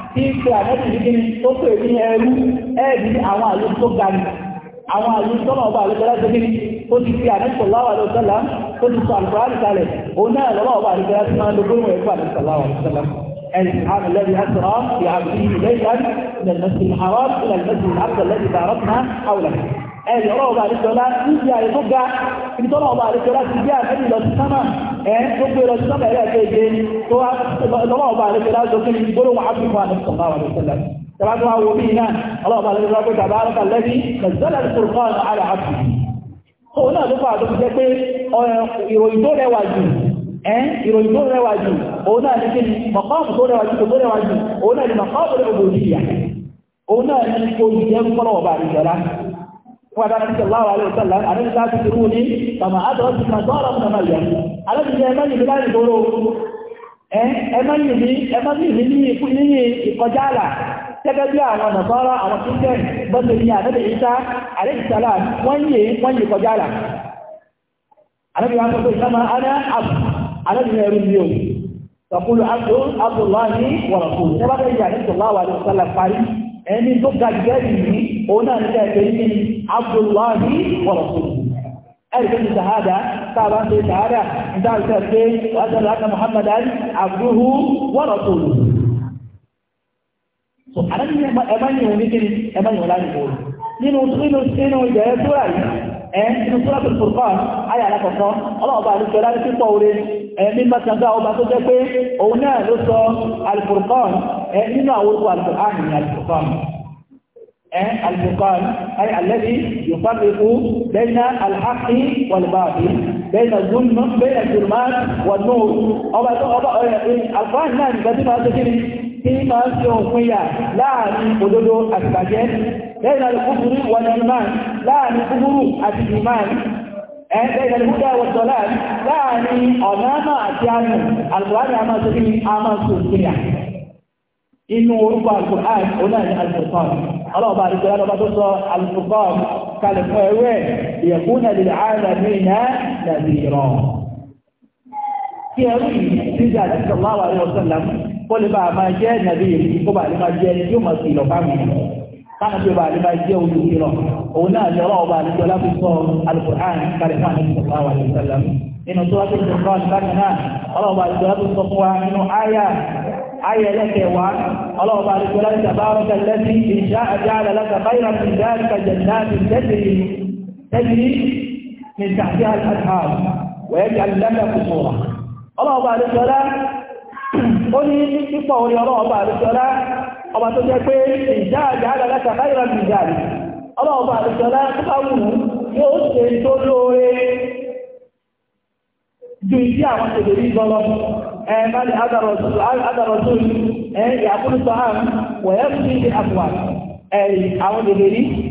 tí ń pe àmẹ́bì ní kíni tó pè ní ẹrú ẹ̀ẹ́dì àwọn àlú tó ga ni àwọn àlú tọ́nà ọba àlùkọ́lá tó kíni ó ti fi àmẹ́bì sọ̀láwà lọ sọ́lá ó ti sọ àlùkọ́lá ní kalẹ̀ òun náà lọ́wọ́ ọba àlùkọ́lá tó máa ń lo gbóhùn ẹ̀kọ́ àmẹ́bì sọ̀láwà lọ sọ́lá السبحان الذي أسرى بعبده ليلا من المسجد الحرام إلى المسجد الأقصى الذي باركنا حوله ẹ̀rì ọlọ́ọ̀bà àríṣọ́lá níbi àyè tó ga ibi tó lọ́ọ̀bà àríṣọ́lá ti gbé àfẹ́lì lọ sí sámà ẹ̀ tó gbé lọ sí sámà ẹ̀rẹ́ ẹ̀kẹ́ tó wá lọ́ọ̀bà àríṣọ́lá tó kí ni gbólóhùn áfíríkà àríṣọ́lá wà lọ́sọ́lá tàbátí wá wo bí iná ọlọ́ọ̀bà àríṣọ́lá pé tàbá àrùkà lẹ́bí nàìjíríà al-Qur'an ala abdi tó náà ló fà tó fi ẹn ìròyìn tó rẹwà jù òun náà ní kí ni mọ̀kọ́ọ̀fù tó rẹwà jù tó rẹwà jù òun náà ni mọ̀kọ́ọ̀fù rẹ̀ òbòdìyà òun náà ni olùjẹ́ ń kọ́lọ̀ ọ̀bà àríṣọ́lá وقال النبي الله عليه وسلم أنا لا تدروني كما أدرك النصارى من مريم أنا من يمني بلا يدورو ẹmọ́yìn ní ẹmọ́yìn ní ní ìkọjá àlà gẹ́gẹ́ bí àwọn nàbọ́rọ̀ àwọn kíkẹ́ bọ́sẹ̀ ní àdẹ́bẹ̀ ìṣá àrẹ́sìtàlá wọ́n yìí wọ́n yìí kọjá àlà àrẹ́bẹ̀ wọn kọ́kọ́ ìṣá máa aná àrẹ́bẹ̀ ẹrù ní o ẹni tó ga jẹ́rì ní òun náà nígbà ẹ̀fẹ́ ní Abdullahi wa Rasuluhu ẹ̀rìkẹ́ ti sàhádà sáàbá ń ṣe sàhádà ìdáàríkẹ́ pé wàtàlá aka Muhammadan abduhu wa Rasuluhu so àdájú ẹ̀má ẹ̀ẹ́nù sọ́lọ́tù fòrfàn ayà alákọ̀ọ́kọ́ ọlọ́ọ̀bá àti ṣọ́lá ti pọ̀ orí ẹ̀mí mọ́sàndá ọba tó jẹ́ pé òun náà ló sọ alfòrfàn nínú àwọn orúkọ alfòrfàn ní alfòrfàn الفرقان أي الذي يفرق بين بين الكفر والإيمان لا الكفر الإيمان بين الهدى والضلال لا أمام أتيان القرآن أما سبيل أما سبيل inú orúkọ alukur'an onáàni alifurkan ọlọ́ọ̀bá àdìsọ́lá lọ́ba tó sọ alifurkan kalẹ̀kọ́ ẹ̀wẹ́ ìyẹ̀kúnà lè ààrẹ náà nàbí rọ̀. kí ẹrú yìí sísè àdìsọ́lá wà lọ́sọ̀lá kó lè bá a máa jẹ́ nàbí yìí kó bá a lè máa jẹ́ yóò máa sì lọ́ bá mi káwọn bí ọba àdébá jẹ́ olùkìlọ̀ òun náà ni ọlọ́wọ́ ọba àdébá láti sọ alukur'an kárí fún àdébá sọ̀rọ̀ àwọn àdébá sọ̀rọ̀ nínú tó wáṣẹ́ ìjọba ìbákan náà ọlọ́wọ́ ọba àdébá láti sọ fún wa nínú áyà آية لك وعن الله بعد ذلك تبارك الذي إن شاء جعل لك خيرا من ذلك جنات تجري تجري من تحتها الأنهار ويجعل لك قصورا الله بعد ذلك قل إن الله بعد ذلك ọba tó jẹ pé ìjà àjà àdàlẹ́ta láìra mi ìjà ọba ọba àdìsọ́lá tó yóò ṣe tó lóore ju ìdí àwọn tèbèrè gbọ́lọ́ ẹ̀ẹ́mẹ́lì adàrọ̀tún ẹ̀ẹ́ wọ̀yẹ́ fún ìdí àwọn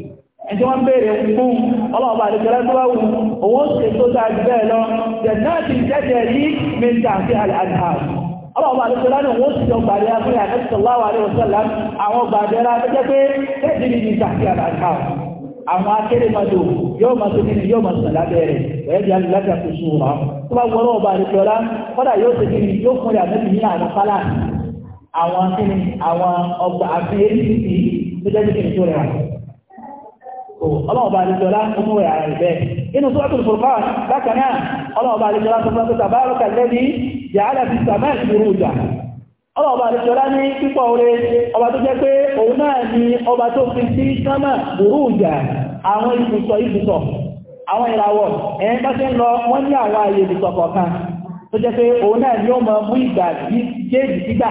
ẹjọ́ wọ́n bèèrè fún ọlọ́ọ̀bà àdìjọ́lá tó bá wù owó ṣe tó dájú bẹ́ẹ̀ lọ jẹ̀dáàtì jẹ́jẹ̀ rí mẹ́ta sí àdìhà ọlọ́ọ̀bà àdìjọ́lá ní wọ́n ti jọ gbàdé afẹ́rẹ́ àdìsọ̀láwà àdìsọ̀lá àwọn gbàdé rá tẹ́jẹ́ pé tẹ́jì ní mẹ́ta sí àdìhà àwọn akérèmọdò yóò máa tó nínú yóò máa sàn lábẹ́ rẹ̀ ẹ̀yẹ́ di alùlájà tó sùn wá tó bá jẹ́ kíni tó ọlọ́ọ̀bá àlejọ́lá ọmọ rẹ̀ ààrẹ bẹ́ẹ̀ inú suratul Furqan bákan náà ọlọ́ọ̀bá àlejọ́lá tó fún ọkọ̀ta ọlọ́ọ̀bá ní pípọ̀ ọba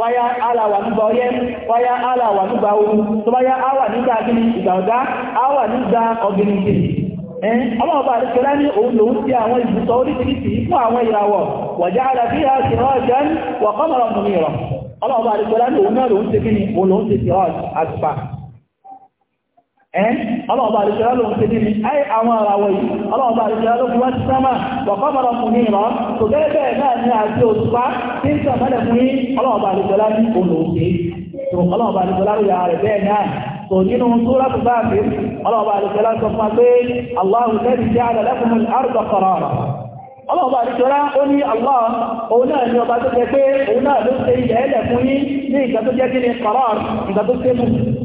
wáyá aláwà nígbà ọyẹ́ wáyá aláwà nígbà ooru tó bá yá áwà nígbà gíní ìgbà ọ̀gá áwà nígbà ọ̀gìnìkì ẹn ọlọ́ọ̀bà àríkẹ́lá ní òun lòun sí àwọn ìbùsọ̀ oríṣiríṣi fún àwọn ìràwọ̀ wọ̀já ara bí i àṣírọ́ ọ̀jẹ́ wọ̀kọ́mọ̀rọ̀ mùmíràn ọlọ́ọ̀bà àríkẹ́lá ní òun náà lòun ṣe kí ni òun lòun ṣe ṣírọ́ àṣùpà ọlọ́ọ̀bá àríṣẹ́lá ló ń ṣe níbi ayé àwọn àràwọ̀ yìí ọlọ́ọ̀bá àríṣẹ́lá ló fi wá sí sámà wọ̀kọ́mọ̀rọ̀ fún ní ìrọ̀ tó gẹ́gẹ́ bẹ́ẹ̀ náà ní àti òṣùpá tí ń sàmọ́lẹ̀ fún yí ọlọ́ọ̀bá àríṣẹ́lá nínú súra tó bá ọlọ́ọ̀bá àríṣẹ́lá sọ fún wa pé aláhùn lẹ́bi jẹ́ àlẹ́ fún àrùkọ kọ̀rọ̀ ọlọ́ọ̀bá àríṣọ́lá ó ní Allah òun náà ni ọba tó jẹ pé òun náà ló ṣe ilẹ̀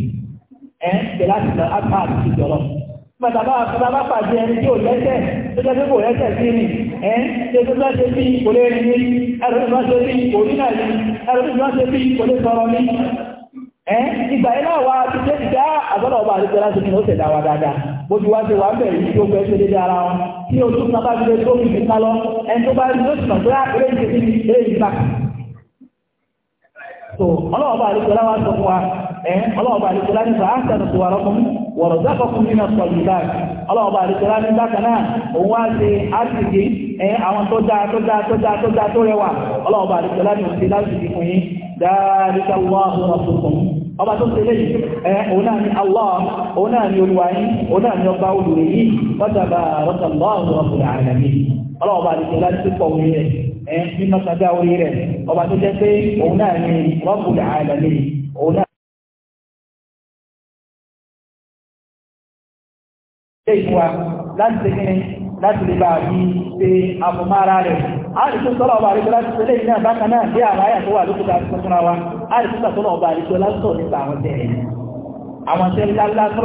ẹ̀ ń tẹ̀ láti lọ apá àti ìjọlọ. Mọ̀tàbá àkọ́bá pàdé ẹni tí ò lẹ́sẹ̀ tó jẹ́ pé kò lẹ́sẹ̀ sí ni ẹ̀ ṣe tó bá ṣe bí kò lè rí ní ẹ̀rọ tó bá ṣe bí kò rí náà ní ẹ̀rọ tó bá ṣe bí kò lè sọ̀rọ̀ ní. Ẹ̀ ìgbà yẹn náà wá ti ṣe ìdá àgbọ̀dọ̀ ọba àti ìjọba ṣe ni ó ṣẹ̀dá wa dáadáa. Bó ti wá ṣe wà bẹ̀rẹ̀ tí ó fẹ́ ṣe dédé ara wọn. Tí o tún sábà ti lè tó fi fi ká lọ, ẹni tó bá rí ah, lóṣù náà so ọlọ́ọ̀bá àríkọlá wá sọ fún wa ẹ̀ ọlọ́ọ̀bá àríkọlá ní fàásẹ̀nù tó wà rọ́kùn wọ̀rọ̀dákọ̀kùn nínú sọ̀lùdá ọlọ́ọ̀bá àríkọlá ní bákan òun wá ṣe áṣìkì ẹ̀ àwọn tó dáa tó dáa tó dáa tó dáa tó rẹwà ọlọ́ọ̀bá ní fún yín ọba tó òun náà ni Allah òun náà ni òun náà ni ẹ mímọ́ sàdá orí rẹ̀ ọba tó jẹ́ pé òun náà ní Rabbul Alamin òun náà. ṣe ìfúnwa láti ṣe kíni láti lè bá a fi ṣe àfọmára rẹ̀ àìsí sọ́lọ̀ ọba àríkọ́ láti ṣe lẹ́yìn náà bákan náà bí àwọn àyà tó wà lókùtà tuntun wa àìsí sọ́lọ̀ ọba àríkọ́ láti sọ̀rọ̀ nípa mọ́ ọlọ́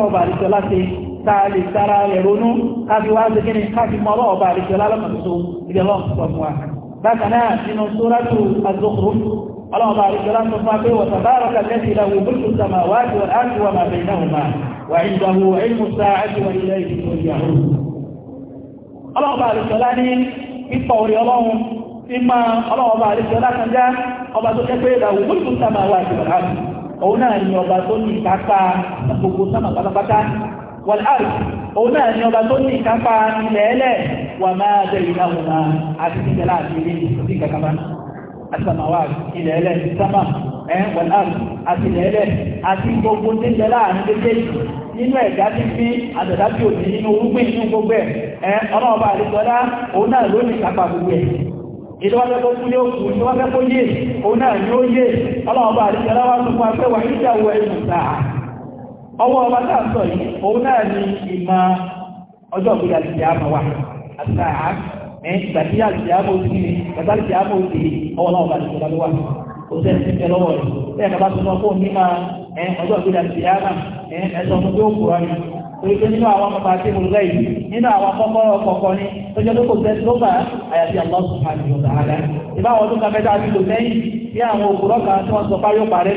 ọba àríkọ́ tó ilẹ̀ lọ́pọ̀ fún wa bákan náà nínú sóràtù àzọkùrù ọlọ́ọ̀bá àríkọlá sọ fún apé wọ̀tàbárọ̀kà lẹ́sì ìlàwò bùrùkù sàmà wájú àti wà màbẹ̀ náà wà ìdàwò ẹ̀mùsà àti wà ilẹ̀ ìdìbò ìyàwó ọlọ́ọ̀bá àríkọlá ní pípọ̀ orí ọlọ́run tí máa ọlọ́ọ̀bá náà ni ọba tó ní ìkápá gbogbo sàmà wọ̀láàrì òun náà ni ọba tó ní ìkápá ilẹ̀ ẹlẹ̀ wà máa jẹ́ ìdáhùn náà àti ìjẹ́ láti ilé ìsòsí ìkàkàbá àti sàmàwà ilẹ̀ ẹlẹ̀ sámà ẹ̀ wọ̀láàrì àti ilẹ̀ ẹlẹ̀ àti gbogbo tí jẹ́ láàrin dédé nínú ẹ̀dá tí fi àtẹ̀dá tí ò ẹ̀ ìdọ́wọ́fẹ́ tó kú ní òkú ìdọ́wọ́fẹ́ kó yé òun náà ni ó yé ọlọ́ọ̀bá àdìsọ́lá wá tó fún afẹ́wà ìjà wọ ẹ̀mùsáà ọwọ́ ọba tá sọ yìí òun náà ni ìmọ̀ ọjọ́ ìgbéga ti àmà wà na àá ẹ̀ àmà òsì ni bàbá àti àmà òsì ọwọ́ náà ọba wà kò sẹ́ni ti lọ́wọ́ rẹ̀ bẹ́ẹ̀ bàbá tó fún ọjọ́ ti àmà ni oríṣi nínú àwọn ọmọ yìí nínú àwọn kọ́kọ́rọ́ kọ̀ọ̀kan ni tó tẹ́ tó bá àyàfi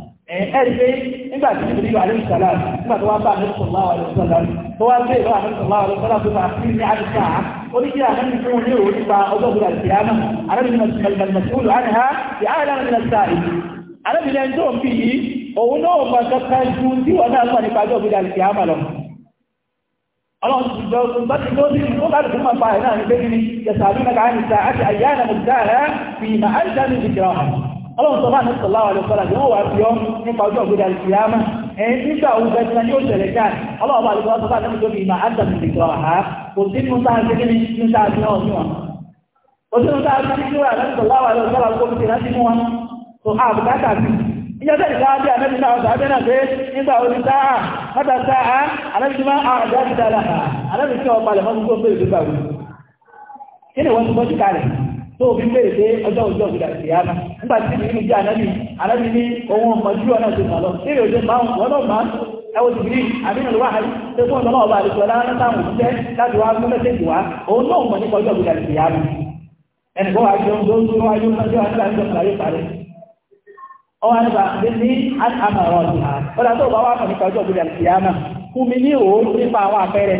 ẹ̀rí pé nígbà tí ìbìrì wà lórí sàlá nígbà tó wá bá àmì sọ̀lá wà lórí sàlá tó wá gbé ìwà àmì sọ̀lá wà lórí sàlá tó bá sí ní àdìsá ó ní kí àmì fún un ní òun nípa ọjọ́ òkúta ìfìyàmà arábìnrin mẹsùlùmí àníhá ti àárẹ̀ àmì nàìjíríà ìlú arábìnrin ẹni tó ń fi yìí òun náà mọ kankan ju tí wọn náà mọ nípa ọjọ́ òkúta ìfìyàmà lọ ọlọ́run ti gbọ́ ọdún bá ti gbọ́ sí ìlú bá lùkú máa pa ẹ̀ náà ní pé kí ni yẹ̀sàbí mẹ́ta àyíṣà àti àyíyá ẹ̀nà mọ̀tàrà fi ìmọ̀ àyíṣà ní ìdíjẹ́ ọ̀hún ọlọ́run sọ máa ní sọ̀láwà lè fọ́lá jẹ́ wọ́n wà fi ọ́ nípa ojú ọ̀gbẹ́dà ìfìyàmá ẹ̀yìn nígbà òun bẹ̀rẹ̀ ní òṣèlè káà ọlọ́run bá lè fọ́lá sọ́lá lẹ́mú lórí pé nígbà orí sáà mọ́ta sáà anẹ́bí tí máa àrùn jáde dáadáa anẹ́bí tí ọ̀pá lẹ̀ mọ́ gbogbo ìgbégbàwó kí ni wọ́n ti bọ́ tó o fi ọjọọ pé ọjọ́ òjò òjò àti nígbà tí ìlú ìjẹ́ ànábì ànábì ní ohun ọmọ ìlú ọ̀nà tó sàlọ tí èrè òjò máa ń wọ́n náà máa ẹwọ ti rí àbínú tó fún ọ̀nà ọba àdìsọ lára táwọn òṣìṣẹ́ láti wá wá òun náà mọ̀ nípa ọjọ́ tó ń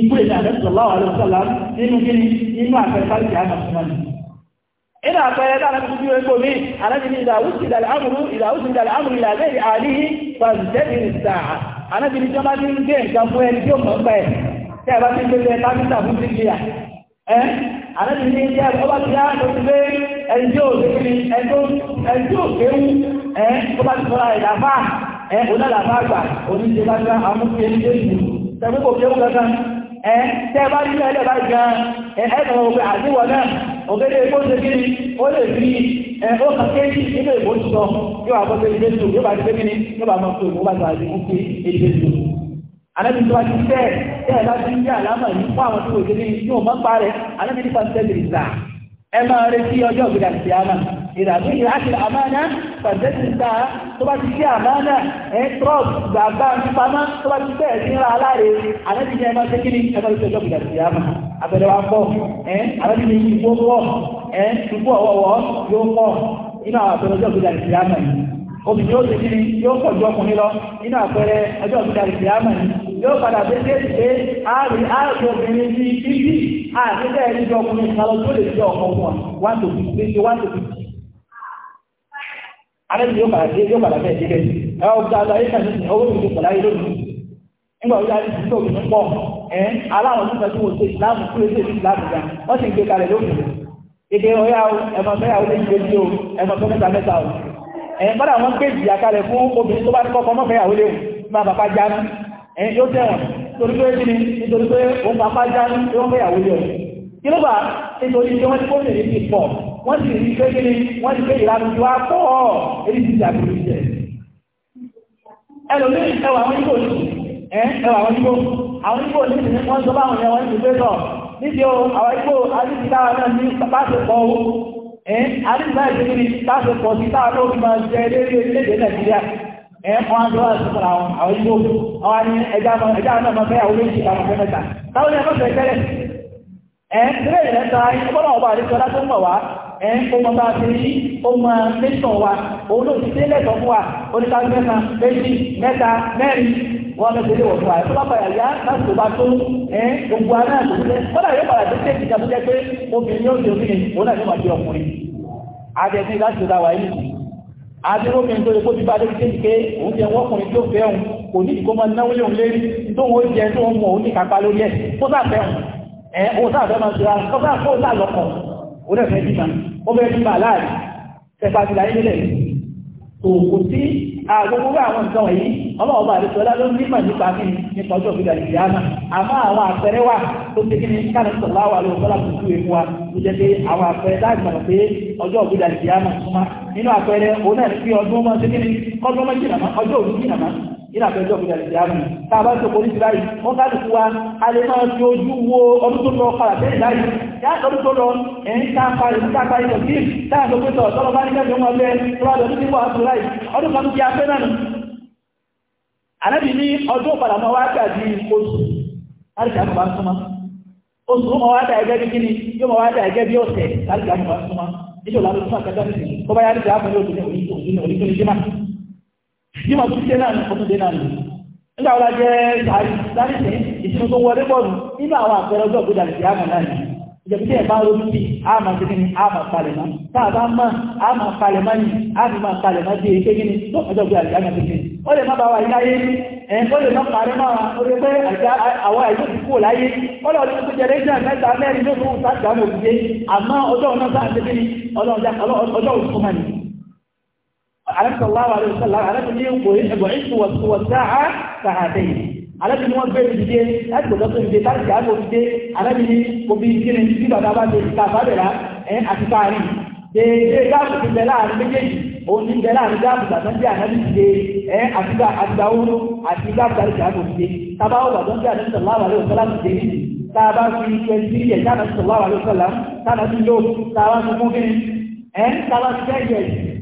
ikú ìdá àdẹ́sọ̀láwà alẹ́sọ̀lá nínú gíní nínú àfẹ́fàríkì ẹ tẹ́ bá nílẹ̀ ẹ̀lẹ́ bá gan ẹ ẹ̀kọ̀ ògbé àdúwọ̀ náà ògèdè epo ṣe kí ni ó lè fi ẹ ó kàn kéjì nínú ìbò sọ yóò àkọ́ pé ilé tù yóò bá ti pé kí ni yóò bá máa tó ìbò bá tó àti kú pé ilé tù. Àlẹ́bí tó bá ti tẹ́ ẹ̀ tẹ́ ẹ̀ bá ti ń jẹ́ àlámà yìí fún àwọn tó wòye ní yóò má parẹ́ àlẹ́bí nípa tẹ́lẹ̀ ìgbà ẹ máa retí ọjọ́ ògbìdà sí àmà ìrànú ìrákì àmàna pàtẹ́sìta tó bá ti sí àmàna ẹ trump gbàgbà pamọ́ tó bá ti bẹ́ẹ̀ sí ra aláre àlẹ́bìnrin ẹ máa ṣe kíni ẹ máa retí ọjọ́ ògbìdà sí àmà abẹ́rẹ́ wa pọ̀ ẹ àlẹ́bìnrin ìgbó wọ̀ ẹ ìgbó ọ̀wọ̀wọ̀ yóò pọ̀ inú àwọn àpẹẹrẹ ọjọ́ ògbìdà sí àmà yìí obìnrin ó ti kíni yóò pọ̀ ju ọkùnrin lọ inú àpẹẹrẹ ọjọ́ ògbìdà sí àmà yìí yóò padà a kéèké àárín àárín obìnrin ibi àti bẹ́ẹ̀ níbi ọkùnrin ìsàlọ̀ tó lè jẹ́ ọkọ̀ wọn wọ́n tó fi gbé wọ́n tó fi jì. Àrẹ́bí yóò padà dé yóò padà bẹ́ẹ̀ dé bẹ́ẹ̀. Ẹ̀rọ ọ̀gá àgbà yìí kàn ní owó ìlú pẹ̀lú ayé lónìí. Nígbà wíwá ní ìdílé òbí pọ̀ ẹ̀ aláwọ̀ nígbà tí wọ́n ṣe ìsìláàmù Wọ́n ń gbé kalẹ̀ lónìí. ẹ̀yìn yóò tẹ̀wọ̀n torí pé kí ni nítorí pé òun papá já ní wọ́n fẹ́ ìyàwó yọ̀ kí ló bá nítorí pé wọ́n ti kó lè ní pọ̀ wọ́n sì rí pé kí ni wọ́n ti pé ìlànà ju apọ̀ èyí ti jà bí ìjẹ́ ẹlòmíì ẹwà àwọn ìgbò ní ẹwà àwọn ìgbò àwọn ìgbò ní ìsinmi wọ́n sọ bá àwọn ẹwà ìgbò pé náà níbi o àwọn ìgbò alìsíkáwà náà ní pàṣẹpọ̀ o alìsíkáwà ìgbò ní pàṣẹpọ̀ sí táwọn ó fi máa jẹ lérí orílẹ̀-èdè Nàìjíríà ẹ̀ẹ́kọ́ àjọ́ àṣìkọ̀lá àwọn ìlú àwọn ní ẹjá náà máa fẹ́ àwọn méjì àwọn fẹ́ mẹ́ta táwọn ẹ̀kọ́ fẹ́ tẹ́lẹ̀ ẹ̀ẹ́ tẹ́lẹ̀ ẹ̀ẹ́ta ìkọ́lá ọba àríkọ́lá tó mọ̀ wá ẹ̀ẹ́ kó mọ́ bá ti rí ó mọ́ mẹ́sàn wa òun ló ti dé lẹ́tọ̀ fún wa oníkàwé mẹ́ta méjì mẹ́ta mẹ́rin wọ́n mẹ́tẹ̀lé wọ̀ fún wa ẹ̀kọ́ bàbá yàyà láti tó bá tó ẹ̀ gbogbo aná àtòkúnlẹ̀ kọ́lá yóò padà tó tẹ̀sí ìjà pé obìnrin yóò di obìnrin òun náà yóò máa di ọkùnrin adéròmí tó lè kó ti bá dé kéjì pé òun jẹ wọ́kùnrin tí ó fẹ́ òun kò ní ìkó mọ́ náwó lè òun lérí tó wọ́n jẹ tó wọ́n mọ̀ òun ní kápá lórí ẹ̀ kó sáfẹ́ òun ẹ̀ ó sáfẹ́ máa ṣe ara kó sáfẹ́ ó sálọ́kọ̀ ó dẹ̀ fẹ́ bímọ ó fẹ́ bímọ láàrin tẹfà ti láyé lélẹ̀ tó kò sí àgbogbo àwọn nǹkan wọ̀nyí ọlọ́ọ̀bà àti sọ́lá ló nípa nípa kí ni nípa ọjọ́ òfin àti ìyá àwọn àpẹẹrẹ wà tó ṣe kí ni wà ewu wa tó jẹ́ pé àwọn àpẹẹrẹ láti mọ̀ pé ọjọ́ òfin nínú àpẹẹrẹ òun náà ọdún ọmọ kí ni ìràpẹjọ́ ìgbà ìdí àmì tàbá tó polisi báyìí wọ́n ká lùkú wa a lè máa fi ojú wo ọdún tó lọ padà bẹ́ẹ̀ báyìí yàtọ̀ ọdún tó lọ ẹ̀yìn káàpá ìlú káàpá ìlú sí táàtọ̀ pé tọ̀ tọ́lọ bá ní kẹ́kẹ́ wọn bẹ́ẹ̀ tó bá lọ́dún nípa ọdún láì ọdún kan ti afẹ́ náà ànábì ní ọdún padà mọ́ wá dàbí oṣù láti àmì bá súnmọ́ oṣù mọ́ wá dà ẹgẹ́ bí kíni yóò mọ́ wá dà ẹgẹ́ bí ọ̀sẹ̀ láti àmì bá súnmọ́ níjọ́ làwọn oṣù àkẹ́kọ̀ọ́ nìkan kọ́ bá yá ní ìjà àpẹẹrẹ òṣù ní òṣù ní òṣù ní òṣù jímọ̀ tó ṣe náà ní ọdún dé náà ní nígbà wọ́n jẹ́ sáré sí ìṣinú tó wọlé bọ́ọ̀lù nínú àwọn àpẹẹrẹ ọjọ́ ògbódà lè àmà náà ní ìjẹ̀bí tí bá ronú a máa ẹgbẹ́ ó lè má bá wa ó lè má ó lè pé àwọn àìsàn ti láyé ó عليه الله عليه وسلم على أنني بعثت والساعة ساعتين alábi ni wọn gbé mi dìde láti gbọ́dọ̀ tó mi dìde láti gbà mo dìde alábi ní bí bàbá bá dìde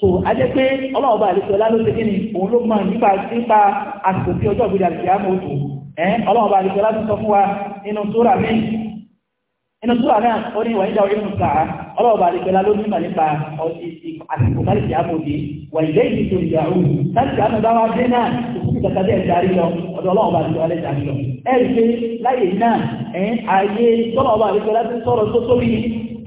so a jẹ́ pé ọlọ́ọ̀bá àlejò ọlá ló ṣe kí ni òun ló mọ̀ nípa nípa àsìkò tí ọjọ́ ìgbéjà lè àmọ́ òtò ẹ́ ọlọ́ọ̀bá àlejò ọlá tó sọ fún wa nínú sóra mi inú sóra náà ó ní wàyíjà orí nù sáà ọlọ́ọ̀bá àlejò ọlá ló nímọ̀ nípa àsìkò tá lè àmọ́ òtò wà ilé ìdí tó ìjà òun láti àmọ́ bá wá dé náà òkú kàkà dé ẹ̀jẹ̀ àríyọ ọ̀dọ̀ ọlọ́ọ̀bá àlejò ọlá ẹ̀jẹ̀ àríyọ ẹ̀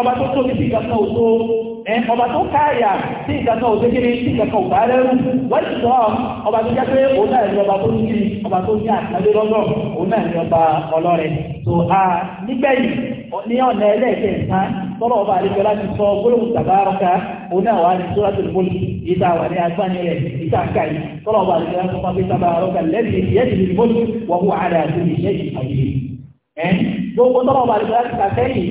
ọba tó tóbi sí ìgbàkan òtó ọba tó káàyà sí ìgbàkan òtó kiri sí ìgbàkan òtó arẹ́rù wọ́n ti sọ ọba tó jẹ́ pé òun náà ní ọba tó ní kiri ọba tó ní àtàlé lọ́dọ̀ òun náà ní ọba ọlọ́rẹ̀ tó a nígbẹ̀yìn ní ọ̀nà ẹlẹ́ẹ̀kẹ̀ẹ́sán tọ́lọ̀ ọba àlejò láti sọ gbólóhùn tàbárọ́ka òun náà wà ní sóràtò ìbólú ìta wà ní agbáni rẹ̀ ìta ká yìí tọ́lọ̀ ọba àlejò láti sọ pé tàbárọ́ka lẹ́bi ìyẹ́dì ìbólú wọ́n wọ́n àdá àti ìṣẹ́ ìṣàyè. gbogbo tọ́lọ̀ ọba àlejò láti kà sẹ́yìn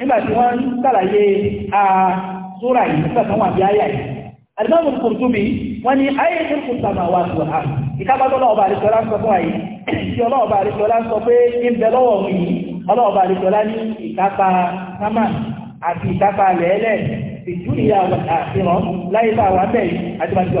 nígbàtí wọ́n ń sàlàyé àṣúra yìí nígbàtí wọ́n àbí ayà yìí alimọ́mù kùrùtùbí wọ́n ni ayé ní kùrùtàmà wà tó ha ìkábátọ́ lọ́ọ̀bà àríṣọ́lá ń sọ fún àyí <clears throat> tí ọlọ́ọ̀bà àríṣọ́lá ń sọ pé ń bẹ lọ́wọ́ òun yìí ọlọ́ọ̀bà àríṣọ́lá ní ìkápa sámà àti ìkápa lẹ́ẹ̀lẹ̀ ìjúlìyà àfihàn láyé bá wà bẹ́ẹ̀ àti bá jọ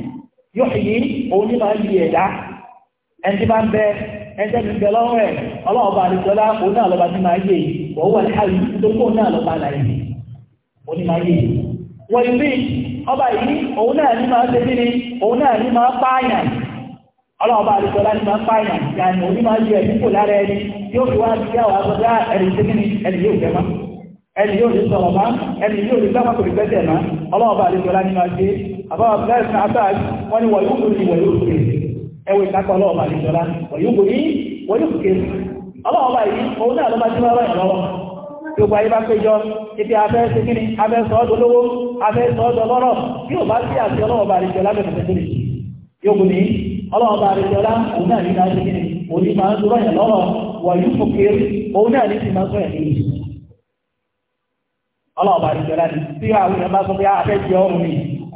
yóò yí òun ní máa yí ẹ̀dá ẹni máa ń bẹ ẹjẹ́ mi bẹ lọ́wọ́ ẹ̀ ọlọ́ọ̀bá àdìsọ́lá òun náà lọ́ba tí máa yé wọ́n wà ní àyè nítorí òun náà lọ́ba àlàyé òun ní máa yé wọ́n yìí bí ọba yìí òun náà ní máa ṣe bí ni òun náà ní máa pààyàn ọlọ́ọ̀bá àdìsọ́lá ní máa pààyàn yàní òun máa yẹ ẹ̀mí lára ẹni yóò fi wá sí àwọn agbọ́dá ẹni ṣe bí ẹni yóò fẹ́ máa ẹni yóò lè sọ̀rọ̀ máa ẹni yóò lè àbáwà bẹ́ẹ̀ sí àtàrí wọ́n ni wọ̀nyí òkú ni wọ̀nyí òkú ọlọ́ọ̀bà wọ̀nyí òkú wọ̀nyí òkú ọlọ́ọ̀bà yìí òun náà tí ó gba ibá afẹ́ afẹ́ afẹ́ lọ́rọ̀ tí ó bá sí àti ọlọ́ọ̀bà yóò ní ọlọ́ọ̀bà òun náà òní máa ń lọ́rọ̀ wà òun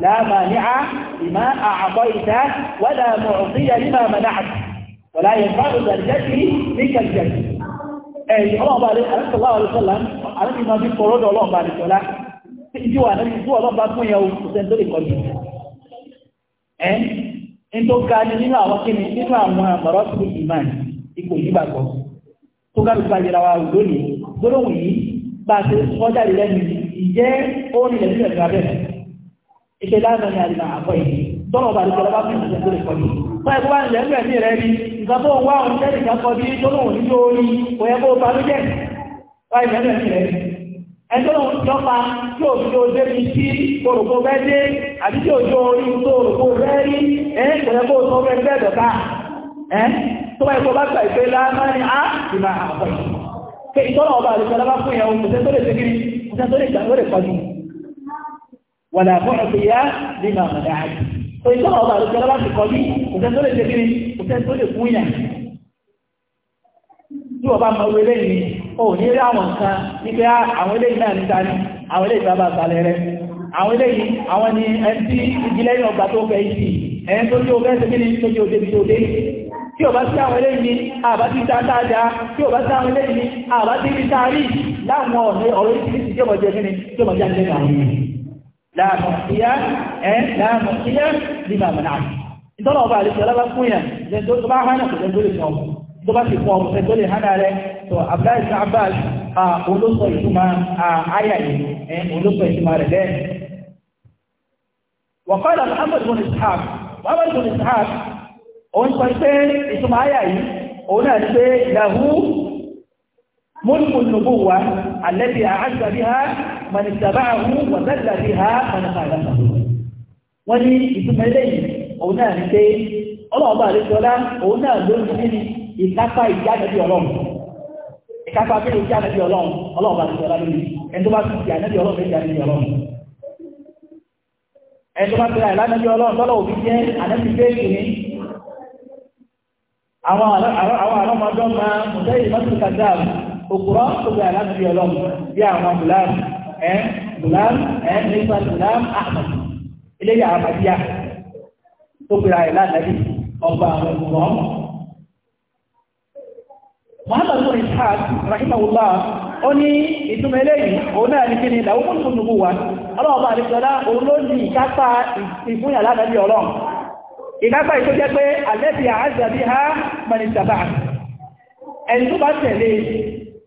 لا مانع لما أعطيت ولا معطي لما منعت ولا ينفع ذا الجد منك الجد ẹ̀yìn ọlọ́ọ̀bá alẹ́sọ̀lá alẹ́sọ̀lá alẹ́bí máa fi kọ̀rọ̀ ọ̀dọ̀ ọlọ́ọ̀bá alẹ́sọ̀lá tí wà náà tí ọlọ́ọ̀bá fún ẹ̀yà òṣìṣẹ́ tó lè kọjú ẹ́ ń tó ga ní nínú àwọn kíni nínú àwọn àmọ̀rọ̀ sí ìmáà ipò ìgbàgbọ́ tó ká lùpá ìlera wa lónìí gbólóhùn yìí bá a ti kọjá ìlẹ́nu ìjẹ́ ó nílẹ̀ nílẹ̀ ìṣẹ̀lá mẹ́rin àrìnà àpọ̀ ìdí tọ́nà bàrí tọ́lá bá fún ìṣẹ̀lá lórí kọjú fáìkú wá nílẹ̀ ẹgbẹ̀ẹ́ sí rẹ̀ rí ìgbàbọ̀ wá òun tẹ́lì kakọ́ bí tọ́nà òun ní orí òyẹ kó bá ló jẹ́ fáìkú ẹgbẹ̀ẹ́ sí rẹ̀ rí ẹjọ́ òun jọpa tí ò fi ojú ẹni sí tó orùkó tó bá ikọ̀ bá gbà ìpè á sì àpọ̀ wàlà àbúrọ̀bìyá bí màá mọ̀ dáa tó ìjọ ọba àrùjọ lọ́wọ́ ti kọ́ bí òṣèlú tó lè ṣe kiri òṣèlú tó lè fún yà tí wọ́n bá mọ orí eléyìí o ní rí àwọn nǹkan ní pé ah, àwọn eléyìí náà níta ni àwọn eléyìí bá bá balẹ̀ rẹ àwọn eléyìí àwọn ni ẹni tí igi lẹ́yìn ọgbà tó fẹ́ ìsì ẹ̀yẹn tó ní ogẹ́ ṣẹ́gbẹ́ ní tó ní òde bí òde tí o bá sí àwọn eléyìí àbá ah, ti ta dáadáa tí o bá sí àwọn eléyìí àbá ah, ti rí láwọn ọ̀rẹ́ ọ̀rẹ́ ìsìnkú tí kí ni tí ó mọ̀ láàmù síyá ẹ láàmù síyá ní màmá náà ìtọ́nà ọba àlejò ọlọ́ba fún yà tó bá hánà kò tẹ́ gbólé fún ọ tó bá sì fún ọ tẹ́ gbólé hánà rẹ tó Abdullahi ibn Abbas olóso ìtumọ̀ àyà yìí olóso ìtumọ̀ rẹ̀ bẹ́ẹ̀. wàkọ́lá Muhammad bin Ishaq Muhammad bin Ishaq òun sọ pé ìtumọ̀ àyà yìí òun ملك النبوة التي أعز بها من اتبعه وذل بها من خالفه ولي ìtumọ̀ eléyìí òun náà ní pé ọlọ́ọ̀bá na òun náà ló ń ní na ìjánabi ọlọ́run ìkápá bí i ìjánabi ọlọ́run ọlọ́ọ̀bá àlejòọlá lórí ẹni tó bá ti ti ànábi ọlọ́run ìjánabi ọlọ́run ẹni tó bá tọ́lọ̀ òbí jẹ́ àwọn òkúrọ́ tó bẹ̀rẹ̀ láti ọlọ́run bí àwọn gulam ẹ̀ gulam ẹ̀ nípa gulam ahmed eléyà àmàdíyà tó bẹ̀rẹ̀ àyè lánàbí ọba àwọn òkúrọ́. muhammad bin ishaq rahimahullah ó ní ìtumọ̀ eléyìí òun náà ní kí ni làwọn kún nùgbù wa ọlọ́run bá àdìsọ́lá òun ló ní ìkápá ìfúnyà lánàbí ọlọ́run ìkápá ìtọ́jẹ́ pé àlẹ́bí àázàbí ha mọ̀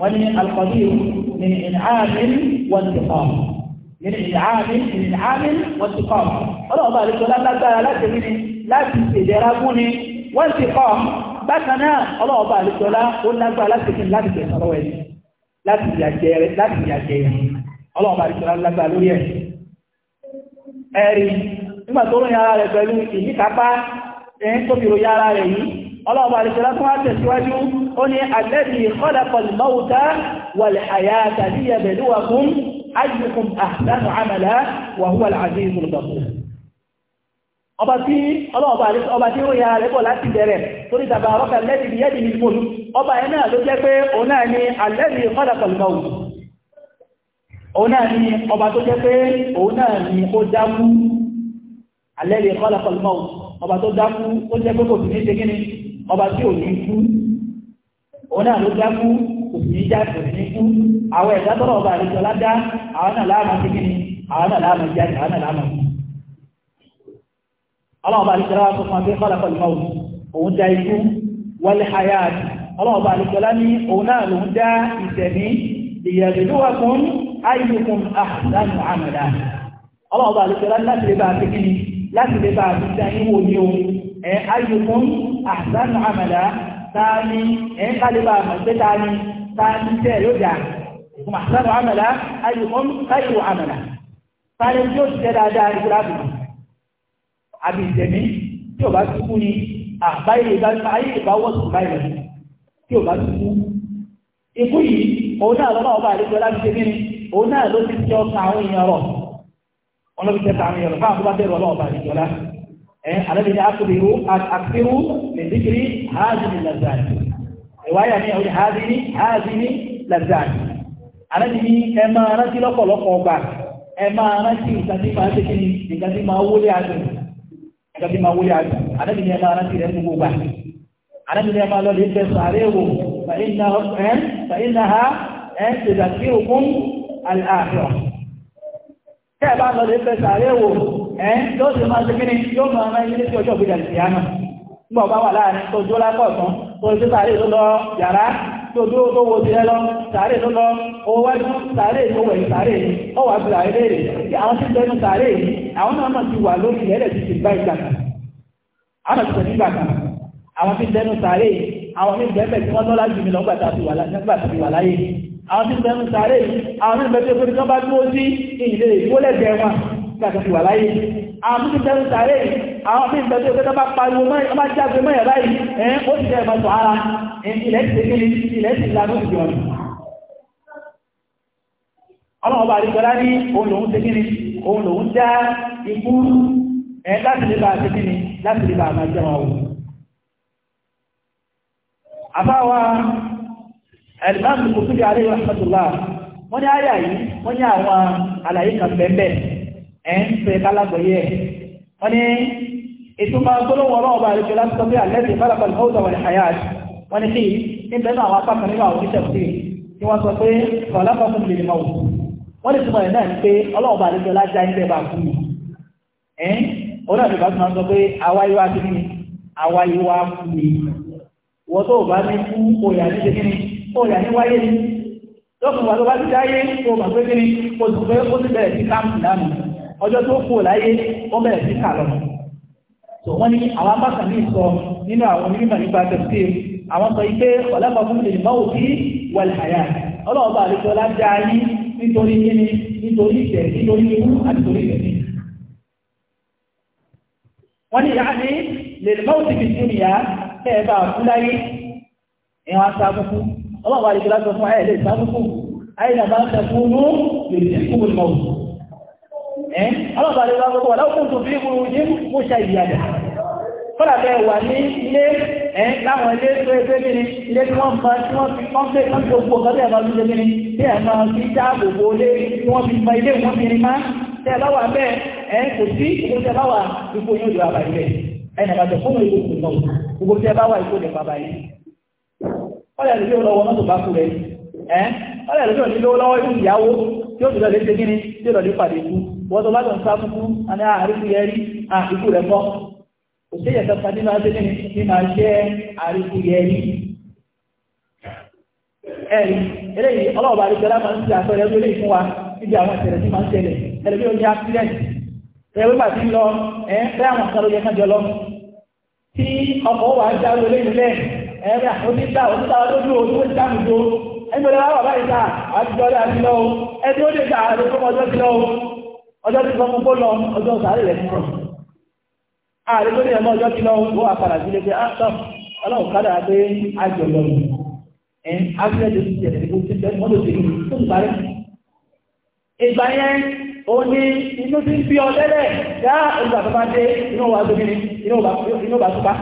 wọ́n ní alqadir min ìnààmìn wọ́n ti kọ́ min ìnààmìn min ìnààmìn wọ́n ti kọ́ ọlọ́wọ́ bá àlejò lágbára láti rí ni láti ṣèdẹ́ra fún ni wọ́n ti kọ́ bákan náà ọlọ́wọ́ bá àlejò lá ó lágbára láti rí ni láti tẹ̀sán lọ́wọ́ ẹni láti ìyàjẹ rẹ láti ìyàjẹ rẹ ọlọ́wọ́ bá àlejò lágbára lórí ẹ̀ ẹ̀rí nígbà tó ròyìn ara rẹ̀ pẹ̀lú ìyíkápá ẹ̀ tó fi ròyìn ara rẹ̀ yìí ọlọ́ọ̀bà àríṣẹ́lá tún wá tẹ̀síwájú ó ní alladhi khalaqa al-mawta wal-hayata liyabluwakum ayyukum ahsanu amala wa huwa al-'azizul ghafur ọba tí ọlọ́ọ̀bà àríṣẹ́ ọba tí ó yà rẹ̀ pọ̀ láti bẹ̀rẹ̀ torí tabaraka alladhi biyadihi al-mulk ọba ẹ̀ náà ló jẹ́ pé òun náà ni alladhi khalaqa tó ní ọba tí ò ní kú òun náà ló dákú kò sí ní já kò sí ní kú àwọn ẹ̀dá tọ́rọ ọba àlejò ládá àwọn náà láàmà sí kí ni àwọn náà láàmà já àwọn náà láàmà kú ọlọ́ọ̀bá àlejò láwá tó fún abẹ́ kọ́lákọ́ ìmọ̀ òun dá ikú wọlé hayat ọlọ́ọ̀bá àlejò lá ní òun náà ló ń dá ìtẹ̀mí ìyẹ̀dùdúwàkún ayùkún àhùdánù àmàdá ọlọ́ọ̀bá àlejò lá láti lè bá a ti láti lè bá a ẹ ayùkún àdánù àmàlà tani ẹ kálíbà àmàlà tani tani tẹ yóò dà kuma àdánù àmàlà ayùkún káyìwò àmàlà tani tí ó ti tẹ dáadáa ní kúrò àbùkù àbí ìtẹ̀mí tí ò bá tukú ni àbáyé ìbáwọ̀ sùn báyìí tí ò bá tukú ikú yìí òun náà lọ́nà ọba àdéjọ́ láti ṣe kíni òun náà ló ti tẹ ọkàn àwọn èèyàn rọ̀ ọlọ́bi tẹ الذي أقبل أكثر من ذكر هذه اللذات رواية من أقول هذه هذه لذات الذي أما رأتي لك لك أبا أما رأتي إنتي ما تكني إنتي ما أولي عدو إنتي ما أولي عدو الذي أما رأتي لك أبا الذي أما لك تسعره فإن فإنها أن تذكركم الآخرة كيف أن لك تسعره ẹ̀ yóò ṣe máa ṣe kí ni yóò máa rán ilé sí ọjọ́ ìgbéjà ìsì àná nígbà ọba wà láàrin tó dúró lápọ̀tán tó ṣe sáré tó lọ yàrá tó dúró tó wo ti lọ sáré tó lọ owó wájú sáré tó wẹ̀ sáré ó wà gbìlà ilé rẹ̀ àwọn tí ń tẹnu sáré yìí àwọn náà náà ti wà lórí ilẹ̀ ti ti gbá ìgbà kan àwọn ti tẹ̀sí ìgbà kan àwọn tí ń tẹnu sáré yìí àwọn ní bẹ́ẹ̀ tí wọ́n lọ́lá jù mí lọ́gbà tàbí wà láyé àwọn tí ń tẹnu sáré yìí àwọn ní bẹ́ẹ̀ kàkàtí wà láyé àwọn tí bẹ̀rù sàárè àwọn tí bẹ̀rù tó tẹ́tẹ́ bá pariwo mẹ́rin ọba jágbe mẹ́rin báyìí ẹ̀yìn ó ti jẹ́ ẹ̀mọ̀ tó ara ilẹ̀ ti tẹ́kẹ́ ilẹ̀ ti lanú ìjọ rẹ̀ ọlọ́ọ̀bà àrígbọ́lá ní òun lòun tẹ́kẹ́ ni òun lòun dá ikú ẹ̀ láti lè bá tẹ́kẹ́ ni láti lè bá àmà jẹun àwọn àbáwa ẹ̀lẹ́mọ̀ kò tún di àríwá wọ́n ní àyà yìí wọ́n ní àwọn àlàyé kan bẹ́ẹ̀ bẹ́ẹ̀ ẹ̀ ń fẹ́ kálágbẹ̀yẹ ẹ̀ wọ́n ní ìtumọ̀ gbólóhùn ọlọ́wọ́ bá àlejò láti sọ pé àlẹ́sìn ìfàlàbàlì ọ̀dọ̀ wà ní hayat wọ́n ní kí níbẹ̀ náà àwọn apákan nínú àwọn oníṣẹ́ sí tí wọ́n sọ pé kọ̀ọ̀lápàkùn lè mọ̀ wọ́n ní ìtumọ̀ ẹ̀ náà ní pé ọlọ́wọ́ bá àlejò lájá ń bẹ́ẹ̀ bá kú mi ẹ̀ ọ̀nà ìbá tó máa sọ pé àwa ìwà ti ní àwa ìwà kú mi wọ́n tó bá ní kú òyà ní ṣe kíni òyà ní wáyé ni lọ́kùnrin wà ló bá ti sì bẹ̀rẹ̀ sí káàmù náà ọjọ́ tó kú láyé wọ́n bẹ̀rẹ̀ sí kà lọ́nà tó wọ́n ní àwọn abákan ní sọ nínú àwọn onímọ̀ nípa tẹ̀sí àwọn sọ pé ọ̀lẹ́kọ̀ọ́ fún lè mọ́ òbí wàlẹ̀ àyà ọlọ́wọ́ bá àlejò lájá ayé nítorí kíni nítorí ìtẹ̀ nítorí ikú àti torí ìtẹ̀ wọ́n ní ìyá lè mọ́ òbí fi ọlọ́pàá lè wá gbogbo ọlọ́pùn tó bí ìwúrú ní mú ṣe ìyàdà kọ́lá bẹ́ẹ̀ wà ní ilé láwọn ilé tó ẹgbẹ́ mìírí ilé tí wọ́n mọ tí wọ́n fi kọ́ńpé kan tó gbogbo ọ̀gá ẹ̀bá lóde mìírí tí ẹ̀ máa fi dá gbogbo ilé tí wọ́n fi mọ ilé wọn mìírí má tẹ́ ẹ bá wà bẹ́ẹ̀ ẹ̀ kò sí ìlú tẹ́ bá wà ipò yóò lọ àbá ilẹ̀ ẹnì àbàjẹ́ fún ìlú kù náà gbogbo tẹ́ bá wà ipò lè bàbá yìí. ọ̀rẹ́ ìlú yóò lọ́wọ́ mọ́tò bá kú rẹ̀ ọ̀rẹ́ ìlú yóò lọ́wọ́ ìyàwó tí ó ti lọ wọ́n tó bá jọ ń sá fún fún àní ah, àríkú yẹ rí àríkú ah, rẹ̀ kọ́ kò sí ìyẹ̀tọ́ kan nínú adé ní ní máa jẹ́ àríkú yẹ rí ẹ̀rí eléyìí ọlọ́ọ̀bà àríkẹ́lá máa ń ṣe àpẹẹrẹ lórí fún wa níbi àwọn ìṣẹ̀lẹ̀ tí máa ń ṣẹlẹ̀ ẹlẹ́bí ó ní accident ẹ̀rọ ìgbà tí ń lọ ẹ̀ ń fẹ́ àwọn kan ló yẹ kájọ lọ tí ọkọ̀ wà á já lólé nílẹ̀ ẹ̀rẹ́ ah, oníta oníta lójú olówó ti dáhùn tó ẹgbẹ̀rẹ̀ wà bàbá ìta àtijọ́ ọjọ́ tí wọ́n kó lọ ọjọ́ sàárè rẹ̀ nìkan ààrẹ tó ní ẹ̀mọ́ ọjọ́ ah, tí lọ wọ́n àpàrà sí lé pé áṣọ́m ọlọ́run kádà pé àjọ lọ́rù ẹ̀ áṣílẹ̀ tó ti tẹ̀lé tó ti tẹ̀lé mọ́tò sí tó ń parí ìgbà yẹn ó ní inú ti ń bí ọ lẹ́lẹ̀ dá ìgbà tó bá dé inú wa tó kíni inú wa tó bá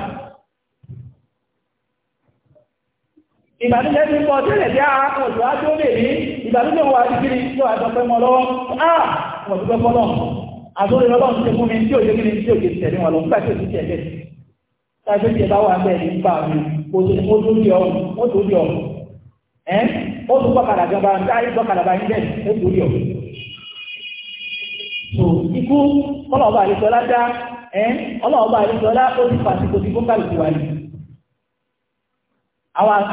ìbànújẹ́ ti ń bọ̀ tẹ́lẹ̀ bí a kọ̀ tó á tó lè ní ìbànújẹ́ wa ti kiri yóò wá sọ pé mọ́ lọ́wọ́ ah, wọ́n ti gbẹ́gbọ́ náà àtúndì lọ́dọ̀ ti fún mi tí òye kí ni tí òye tẹ̀lé wọn lọ nígbà tí òye tẹ̀lé táyé tí ẹ bá wà bẹ́ẹ̀ ní gbà mí mo tó di ọ mo tó di ọ ẹ ó tún gbọ́kàdà gan bá táyé gbọ́kàdà bá yín bẹ́ẹ̀ ó tó di ọ. tó ikú ọlọ́ọ̀bà àlejòlá dá ẹ ọlọ́ọ̀bà àlejòlá ó ti fàṣìkò ti gbọ́kàdà ti wà ní.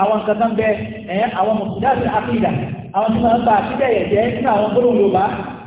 àwọn nǹkan kan bẹ ẹ àwọn mùsùlùmí àti àkìdà àwọn tí wọn bá àkìdà yẹ jẹ nínú àwọn gbólóhùn Yorùbá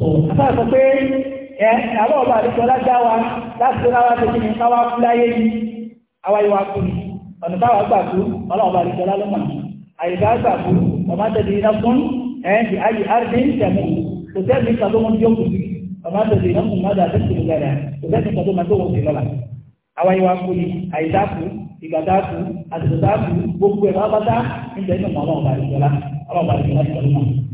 àtàwọn sọ pé ẹ àwọn ọba àdìsọ lájá wa láti tó láwá tó kíni káwá kú láyé yìí àwa yìí wá kú ni ọ̀nà táwa gbà kú ọlọ́ọ̀ba àdìsọ lálọ́mà àyíká gbà kú ọmọ tẹ̀lé iná fún ẹ̀ẹ́dì ayé àrùn ní ìtẹ̀mú kò sẹ́ni kan tó mú bí ó kù sí ọmọ tẹ̀lé iná fún mọ́tò àti ìṣèlú gàdà kò sẹ́ni kan tó mọ́ tó wọ́n sí lọ́la àwa yìí wá kú ni àyíká kú ìgbàdá kú àtìgbàdá kú gbogbo ẹ̀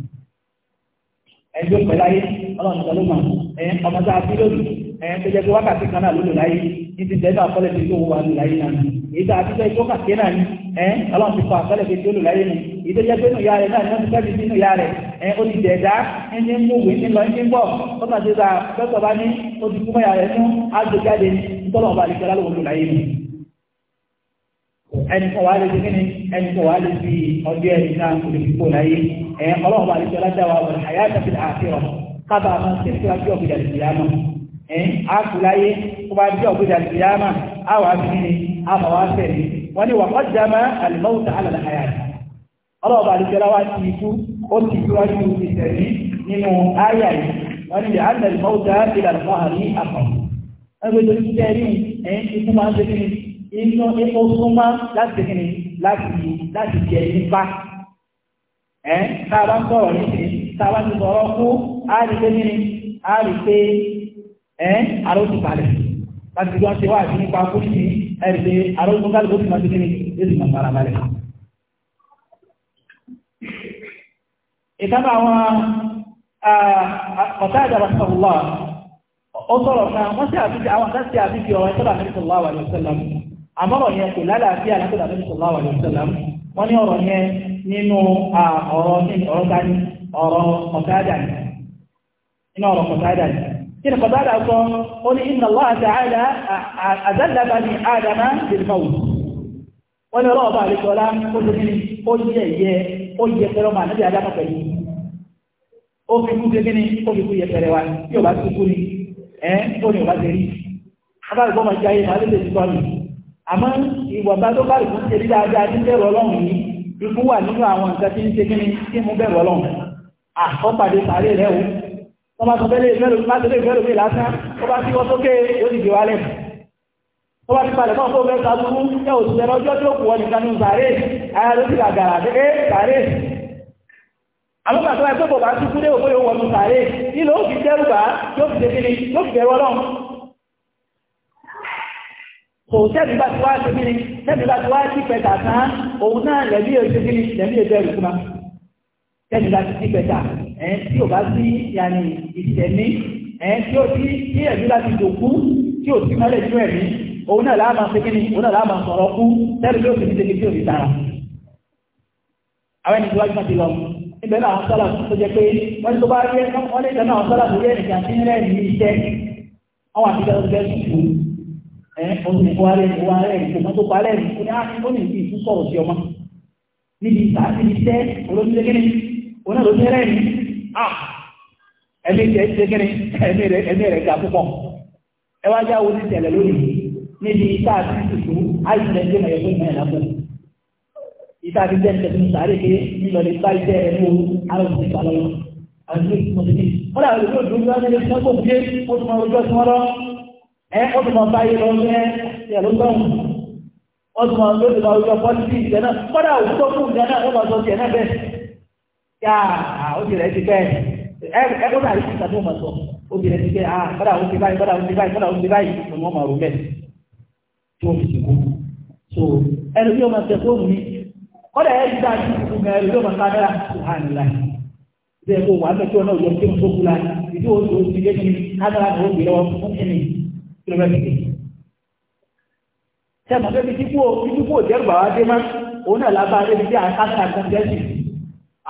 ẹjọ́ pẹ̀ láyé ọlọ́run ìtọ́ló mà ẹ ọmọ tá a bí lónìí ẹ tó jẹ́ pé wákàtí kan náà lónìí láyé ní ti bẹ́ẹ̀ náà kọ́lẹ̀ tó wà ní láyé náà èyí tá a ti fẹ́ ìkókàké náà ni ẹ ọlọ́run ti kọ́ àkọ́lẹ̀ tó lò láyé ni èyí tó jẹ́ pé nù ya rẹ̀ náà ni wọ́n ti fẹ́ fi sínú ya rẹ̀ ẹ ó ti dẹ̀dá ẹ ní mú wèé ní ẹni kọ̀ wá lè ṣe kíni ẹni kọ̀ wá lè fi ọjọ́ ẹni náà kò lè fi kó láyé ẹ̀ ọlọ́run bá lè ṣe ọlájà wa wọ̀n àyà àtàkì àfihàn kábà máa ń tẹ̀sí wájú ọ̀gbìdà ìgbìyàmà ẹ̀ á kú láyé kó bá jẹ́ ọ̀gbìdà ìgbìyàmà á wà á fi kíni á bà wá fẹ̀ mí wọ́n ní wà kọ́ jama alimọ́wùtà alàlà àyà ọlọ́run bá lè ṣe ọláwà ti ikú ó ti fi wájú ìtẹ̀rí nínú áyà yìí wọ́n ní ànàlìmọ́wùtà ìlànà inú epo súnmọ́ láti kìnnì láti láti jẹ nípa ẹ tá a bá ń sọ̀rọ̀ nísìnyí tá a bá ti sọ̀rọ̀ kú á rí pé nínú á rí pé ẹ àròsì balẹ̀ láti fi wọ́n ṣe wá àti nípa kú sí ẹ rí pé àròsì kálí kó sì máa ti kìnnì yóò sì máa fara balẹ̀. ìtàbà àwọn ọ̀tá ìjọba sọ̀rọ̀ ó sọ̀rọ̀ kan wọ́n sì àbíkí àwọn kan sì àbíkí ọ̀rọ̀ ìtọ́lá mẹ́rin sọ̀rọ̀ àwọn àlùsọ̀lá mi àmọ́rọ̀ yẹn kò lálàáfíà látọ̀dà lórí sọ̀lá wà lórí sọ̀lá wọ́n ní ọ̀rọ̀ yẹn nínú ọ̀rọ̀ ní ọ̀rọ̀ tani ọ̀rọ̀ kọ̀tádà ni nínú ọ̀rọ̀ kọ̀tádà ni kí ni kọ̀tádà sọ ó ní inna Allah ta'ala azalla bani adama bil mawt wọ́n ní ọlọ́ọ̀bá àlejòọlá ó ti ní ó yẹ ẹ̀yẹ ó yẹ pẹ̀lú ọmọ ànábì adama pẹ̀lú ó fi kú gẹ́gẹ́ ni ó fi kú yẹ pẹ̀lẹ́ wa tí ò bá àmọ́ ìwọ̀nba tó bá ìkún ṣe rí dáadáa ní bẹ̀rù ọlọ́run yìí ikú wà nínú àwọn nǹkan tí ń ṣe kíni tí mú bẹ̀rù ọlọ́run àkọ́pàdé sàárè rẹ̀ o wọ́n bá sọ fẹ́lẹ́ ìfẹ́lò bí máṣẹ́lẹ́ ìfẹ́lò bí lásán ó bá sí wọ́n sókè yóò sì gbéwálẹ̀ ó bá ti palẹ̀ mọ́ fún mẹ́ta burú ẹ ò sùn ẹlọ́jọ́ tó kù wọn nìkan ní sàárè ara ló sì gàgàrà dé sàárè àlọ́gbà tó wáyé pé bò bá tún kú dé òkú yóò wọnú sàárè nílò ó fi dẹ́rù bá yóò fi ṣe kíni yóò fi bẹ̀rù ọlọ́run kò sẹ́bí bá ti wá ṣe kí ni sẹ́bí bá ti wá sí pẹ̀tà tán òun náà lẹ́bí ẹ̀ṣẹ́ kí ni lẹ́bí ẹ̀ṣẹ́ rẹ̀ kúmá sẹ́bí bá ti sí pẹ̀tà ẹ̀ tí ò bá sí yàní ìṣẹ̀mí ẹ̀ tí ó ti tí ẹ̀bí bá ti dòkú tí ò sí mọ́lẹ̀ nínú ẹ̀mí òun náà láàmà ṣe kí ni òun náà láàmà sọ̀rọ̀ kú sẹ́bí ló ti ní ṣe kí ò ní tara àwọn ẹni tí wájú máa ti lọ ibẹ̀ náà sọ́là tó jẹ́ pé wọ́n ti tó bá rí ẹ̀ wọ́n ní ìjọ náà sọ́là tó rí ẹ̀ nìkan sí ní rẹ̀ ní iṣẹ́ àwọn àti ìjọ tó jẹ́ sùkúrù ọdún ìkọ́ alẹ́ ìkọ́ alẹ́ ìkọ́ mọ́tò palẹ́ ìkọ́ ní àwọn ní ìfi ìtú sọ̀rọ̀ sí ọmọ níbi ìta níbi tẹ́ olóṣèlú kẹ́ni oná ló tẹ́rẹ́ ní à ẹ̀mí tẹ́ ṣe kẹ́ni ẹ̀mí rẹ̀ ẹ̀mí rẹ̀ ga púpọ̀ ẹ wá jáwó ní tẹ̀lẹ̀ lónìí níbi ìta àti ìtùtù àìsàn ẹgbẹ́ mọ̀ ẹ̀kọ́ ìmọ̀ ẹ̀lápọ̀ ìta àti tẹ́ ṣe fún sàárè ké nílọ lè bá iṣẹ́ ẹ̀mí wo àwọn ìtùtù àlọ́ ẹ ó tún máa báyé lọ sí ẹ ti ẹ̀ ló gbọ́hùn ó tún máa lóde máa yọ pọ́lítì ìjẹ náà kọ́dà òkútó fún ìjẹ náà ó máa sọ tiẹ̀ náà bẹ́ẹ̀ yá obìnrin ti bẹ́ẹ̀ ẹ máa sọ obìnrin ti bẹ́ẹ̀ ah kọ́dà òun ti báyìí kọ́dà òun ti báyìí kọ́dà òun ti báyìí ni wọ́n máa bẹ́ẹ̀ tí wọ́n fi sìnkú so ẹni bí wọ́n máa tẹ̀ fóònù mi kọ́dà ẹ̀ ti dáa sí ìfúnmi ẹ̀rù ló máa kámẹ́rà bẹ́ẹ̀ kó wà á mẹ́tọ́ náà yọ kí n tó kú la ìdí òun tó ti lé ní kámẹ́rà náà ó gbé lọ́wọ́ fún ẹni kí ló fẹ́ fi kejì tẹ́mọ̀ pé fífífò fífífò jẹ́rùbà wá dé máa òun náà lábá rẹ̀ bí i káàkiri àgbẹ̀jẹ́sì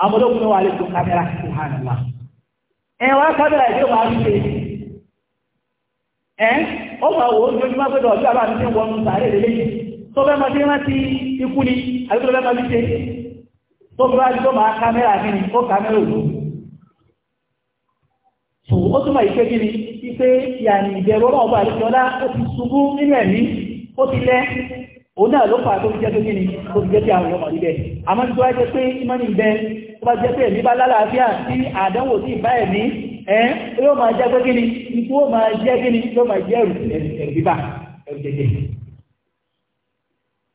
àwọn olókùnrin wà lè tó kámẹ́rà sí hànàmà ẹ̀ wá kámẹ́rà ìdí wà ń ṣe ẹ̀ ó máa wò ó ní ojúmọ́ pé dọ̀ọ̀dún àbá mi ti ń wọnú sàárè lélẹ́ yìí tó fẹ́ máa fi rántí ikú ni àbí tó fẹ́ máa fi ṣe tó fi wá tó máa kámẹ́rà mi ni ó kámẹ́rà òdòdó ó túnmọ̀ ìpé gíní ipé ìyàní ìbẹ̀rù ọlọ́run bá àríkẹ́ ọlá ó ti ṣubú nínú ẹ̀mí ó ti lẹ́ òun náà ló fà tó fi jẹ́ tó gíní tó fi jẹ́ tí àwọn ọmọ níbẹ̀ àmọ́ ní tó wá jẹ́ pé ìmọ̀ ní ìbẹ̀ tó bá jẹ́ pé ẹ̀mí bá lálàáfíà sí àdánwò sí ìbá ẹ̀mí ẹ̀ yóò máa jẹ́ pé gíní ikú ó máa jẹ́ gíní yóò máa jẹ́ ẹ̀rù ẹ̀rù bíbà ẹ̀rù jẹjẹ.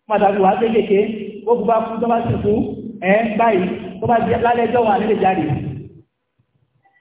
pàtàkì wàá kéékèèké ó kú bá fún tó bá sì fún ẹ̀ báyìí tó bá jẹ́ lálẹ́jọ́ wà nílé jáde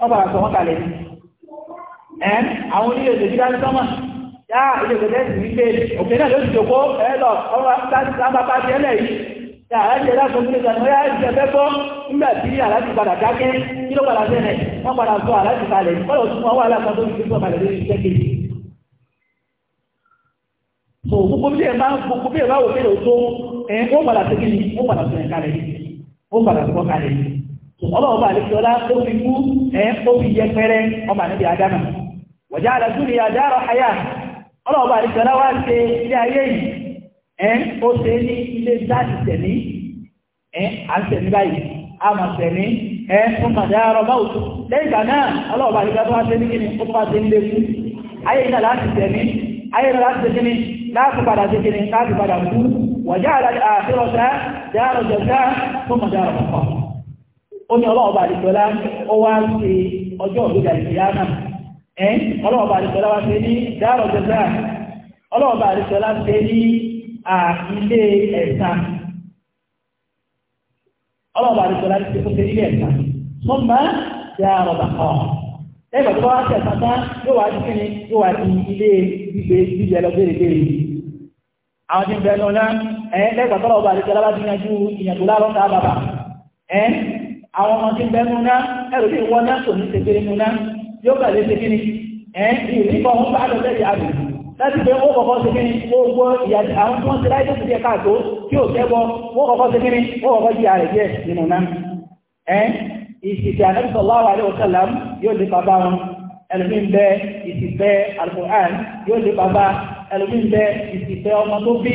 wọ́n bàrà sọ wọ́n kalẹ̀ ní ẹ́ àwọn onílé èdè dídá sọ́mà yá ilé èdè tẹ́sì ní pé òkè náà lóṣù tó kó ẹ lọ ọba sábàbá ti ẹlẹ̀ yìí yá aláṣẹ láṣọ nílé ìgbà náà yá ẹ fẹ́ gbọ́ nígbà tí aláṣẹ padà dákẹ́ kí ló padà sẹ́lẹ̀ wọ́n padà sọ aláṣẹ kalẹ̀ kọ́lọ̀ tún wọn wà aláṣẹ tó fi fún ọmọdé lórí iṣẹ́ kejì so gbogbo bí ẹ máa gbogbo bí ẹ máa wò pé lóòótọ́ ẹ wọ́n padà sẹ́kẹ́ ni wọ́n padà sọ̀rọ̀ kalẹ̀ wọ́n padà kalẹ̀ yìí ọlọ́ọ̀bá àlejòọlá tó fi kú ẹ̀ ó fi yẹ pẹrẹ ọmọ àníbi àdánà wọ̀já àlàjúlì àdáró àyà ọlọ́ọ̀bá àlejòọlá wá ṣe ilé ayé yìí ẹ̀ ó ṣe ní ilé tẹ̀mí báyìí a mọ̀ tẹ̀mí ẹ̀ fún màdáró báwùtú lẹ́yìn Onye ní ọlọ́ọ̀bà àdìsọ́lá ó wá sí ọjọ́ ògbèdà ìsìyámà ẹ́ ọlọ́ọ̀bà àdìsọ́lá wá sí ní dáàrọ̀ jẹ́sà ọlọ́ọ̀bà àdìsọ́lá sí ní ilé ẹ̀sà ọlọ́ọ̀bà àdìsọ́lá sí fún sí ilé ẹ̀sà wọ́n bá dáàrọ̀ bàkọ́ lẹ́gbẹ̀ẹ́ lẹ́gbẹ̀ẹ́ àwọn ọmọ tí ń bẹ́ múná ẹ̀rù tí wọ́n náà kò ní ṣe kiri múná yóò gbà lé ṣe kiri ẹ̀ ìrí kan ń bá lọ́lẹ́ ìyá rẹ̀ láti pé wọ́n kọ̀kọ́ ṣe kiri gbogbo ìyá àwọn tí wọ́n ti láì tóbi díẹ̀ káàtó tí ò tẹ́ bọ́ wọ́n kọ̀kọ́ ṣe kiri wọ́n kọ̀kọ́ di ààrẹ díẹ̀ ní múná ẹ̀ ìsìtì ànábìsọ̀ láwà lé òkàlám yóò lè bàbá wọn ẹlòmí ń bẹ ìsìfẹ́ alukur'an yóò lè bàbá ẹlòmí ń bẹ tó bí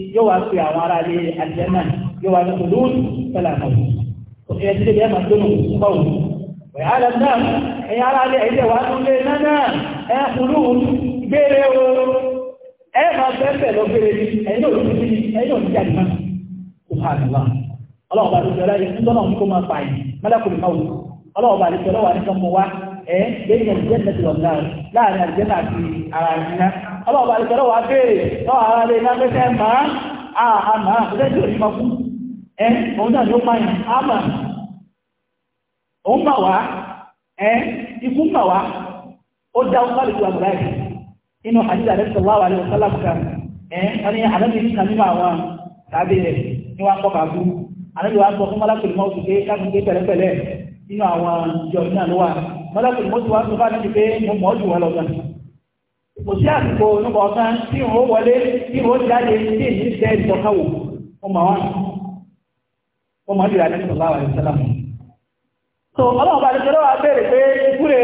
yóò wá pe àwọn ará ilé àjẹ́nà yóò wá ní kò lóòrùn pẹ̀lá náà kò sí ẹtí débi ẹ̀mà tó nù kọ́ òun wẹ̀ á lẹ́nu náà ẹ̀yà ará ilé ẹ̀yẹ́ wá tó lé náà náà ẹ̀ kúrú gbére o ẹ̀ máa bẹ́ẹ̀ lọ gbére ni ẹ̀yìn òní ti ẹ̀yìn òní jáde náà kò fà ní wa ọlọ́ọ̀bà àdúgbò ọlá yẹn tó náà kó máa fà yìí mẹ́lẹ́kùnrin máa wù ọlọ́ọ̀bà àdúgbò ọlọ́wà ní kan mọ wa ẹ̀ ọlọ́ọ̀bá ìṣẹ́lọ́ wà bèèrè lọ́wọ́ ara lè lágbẹ́sẹ̀ máa àmà ìṣẹ́jì òní ma fún ẹ́ òun náà ni ó máa yìn àmà òun bà wá ẹ́ ikú bà wá ó dá ó bá lè tó àgbà ẹ̀ inú àdídà lẹ́sẹ̀ wà wà lẹ́wọ̀ sálàkùkà ẹ́ wọ́n ni àdábì ní kan nínú àwọn tàbí rẹ̀ ní wọ́n kọ́ kàbú àdábì wá sọ fún mọ́lákùnrin mọ́ òṣùké káàkiri pẹ̀lẹ́pẹ̀lẹ́ nínú àwọn ìjọ náà ló wà mọ́lákùnrin ti pé mo mọ́ jù wọn lọ kò sí àsìkò nípa ọ̀sán tí wọ́n wọlé tí wọ́n jáde tí èyí tẹ́ ìtọ́káwò ọmọ wọn ọmọ ìrìn àti ìsọ̀lá wà ìsọ̀lá so ọlọ́run bá ti sọ́dọ̀ wá pé ìkúrè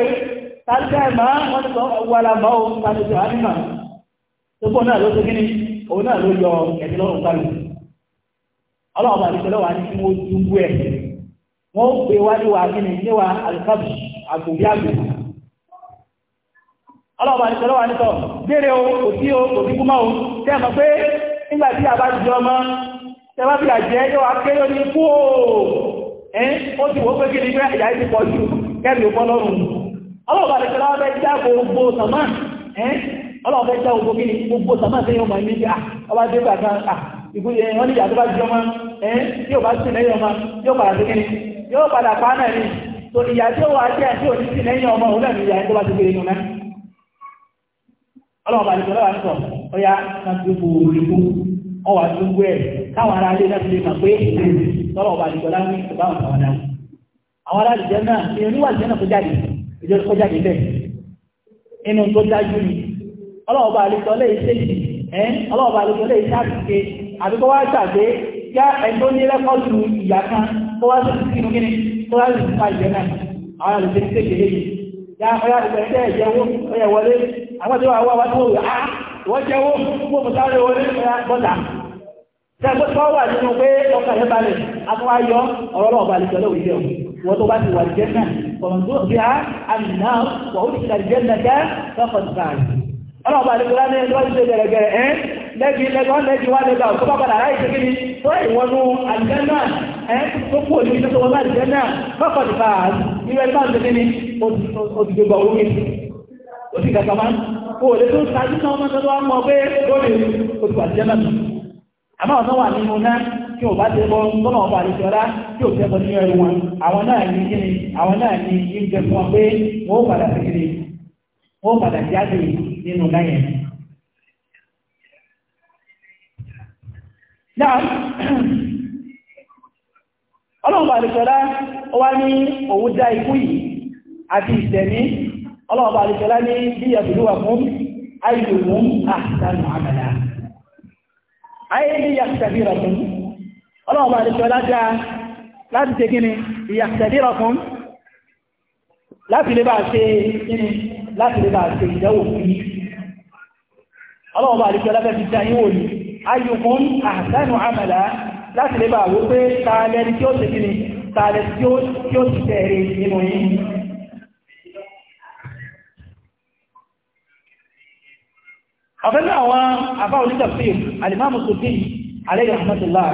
tàbíkà ẹ̀mà wọ́n ti sọ ọlọ́ọ̀bà ìṣẹ́lọ́wà nítọ̀ gbére o kò o kò tí o tẹ́ mọ̀ pé nígbà tí a bá jẹ ọmọ tẹ́wà bí àjẹ́ yóò wá kéré ní kú o ẹ́n ó ti wó pé kí ní ìyá ti pọ̀ jù kẹ́rì ò bọ́lọ́rùn ọlọ́ọ̀bà ìṣẹ́lọ́wà bẹ́ já gbogbo sàmà ẹ́n ọlọ́ọ̀bà já gbogbo kí ní gbogbo sàmà tẹ́yìn ọmọ ní ah, ọba dé gbà kan ah, ìgbóyè wọn ní ìyá tó bá jẹ ọmọ ẹ́n tí ò bá ni yóò padà pa ọlọ́ọ̀bà ní ọlọ́wà ní sọ ọya láti gbogbo olùkú ọwà tó ń gbé ẹ̀ káwọn ará ilé láti lè mà pé ọlọ́ọ̀bà ní ọlá ní ọba àwọn àwọn náà àwọn ará ìjẹ náà ní oníwà ìjẹ náà tó jáde ìjọ tó jáde bẹ́ẹ̀ ni ọlọ́ọ̀bà ní ọlá iṣẹ́ yìí ẹ́ ọlọ́ọ̀bà ní ọlá iṣẹ́ àtúnṣe àbí kọ́ wá gbàgbé yá ẹni tó ní rẹ́kọ́ọ̀dù ìyá kan kó wá sí sínú kíni kó àwọn ìwà àwọn àwọn tó wà á ah, wọ́n jẹ́wọ́ gbogbo mùsàárẹ̀ orí ìrìnà bọ́ta tẹ́gbẹ́ tó wà nínú pé ọkà yẹn balẹ̀ àtúwà yọ ọ̀rọ̀ lọ́wọ́ balẹ̀ jọ lọ́wọ́ ìjẹun wọ́n tó bá ti wà jẹ́ náà ọ̀rọ̀ tó bí a àmìnà wà ó ti kà jẹ́ nàkẹ́ lọ́kọ̀ tó báyìí ọlọ́wọ́ balẹ̀ jọ ní ẹjọ́ ìṣe gẹ̀rẹ̀gẹ̀rẹ̀ ẹ́ lẹ́bi lẹ́gbọ́n lẹ́bi wá lẹ́gbà tó bá padà ráì ṣe kí ni tó ìwọnú àjẹ́ náà ẹ́ tó kú òní tó òsì kàkà máa kó lè tó sáájú náà wọ́n tó wá mọ̀ pé lórí oṣù àti jẹ́nà mi àmọ́ ọ̀nà wà nínú náà bá ti ọba àti ẹrù wọn àwọn náà ní àwọn náà ní fún pé ó padà sí ó padà nínú náà yẹn. náà <clears throat> àti ọlọ́ọ̀bá àríkẹ́lá ní bí yàbìlúwà fún ayùmùn àtàlù àmàlà ayé ní yàtàbíra fún ọlọ́ọ̀bá àríkẹ́lá já láti ṣe kíni yàtàbíra fún láti lè bá ṣe kíni láti lè bá ṣe ìdánwò fún ọlọ́ọ̀bá àríkẹ́lá fẹ́ láti àfẹ́lẹ́ àwọn àbá onítàfíì alìmáàmù sùfí alayhi rahmatullah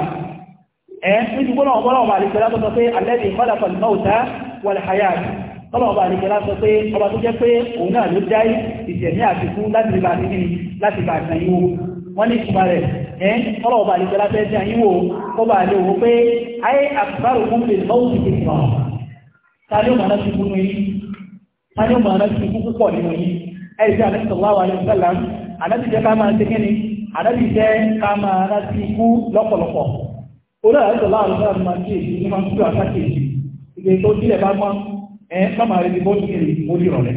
ẹ̀ nítorí gbọ́nà ọmọlọ́wọ́ àlìkẹ́lá tó sọ pé alladhi khalaqa al-mawta wal-hayat tọ́lọ̀ọba àlìkẹ́lá sọ pé ọba tó jẹ́ pé òun náà ló dá ìtẹ̀mí àfikún láti bá ní láti bá àtàyíwò wọ́n ní ìtumà rẹ̀ ẹ́ tọ́lọ̀ọba àlìkẹ́lá fẹ́ sí àyíwò kọba àlè òun pé ayé àkùbárò fún lè lọ́wọ́ ti tètè wà tàbí ó mọ̀ná ànábì jẹ́ ká máa ṣe kíni ànábì jẹ́ ká máa rántí ikú lọ́pọ̀lọpọ̀ olóòrùsọ̀lá àlùfáà máa kí èyí ní máa ń tó àṣà kí èyí ìgbé tó sílẹ̀ bá mọ́ ẹ sọ́mà rẹ̀ ti bó ti kiri mo di rọ̀lẹ́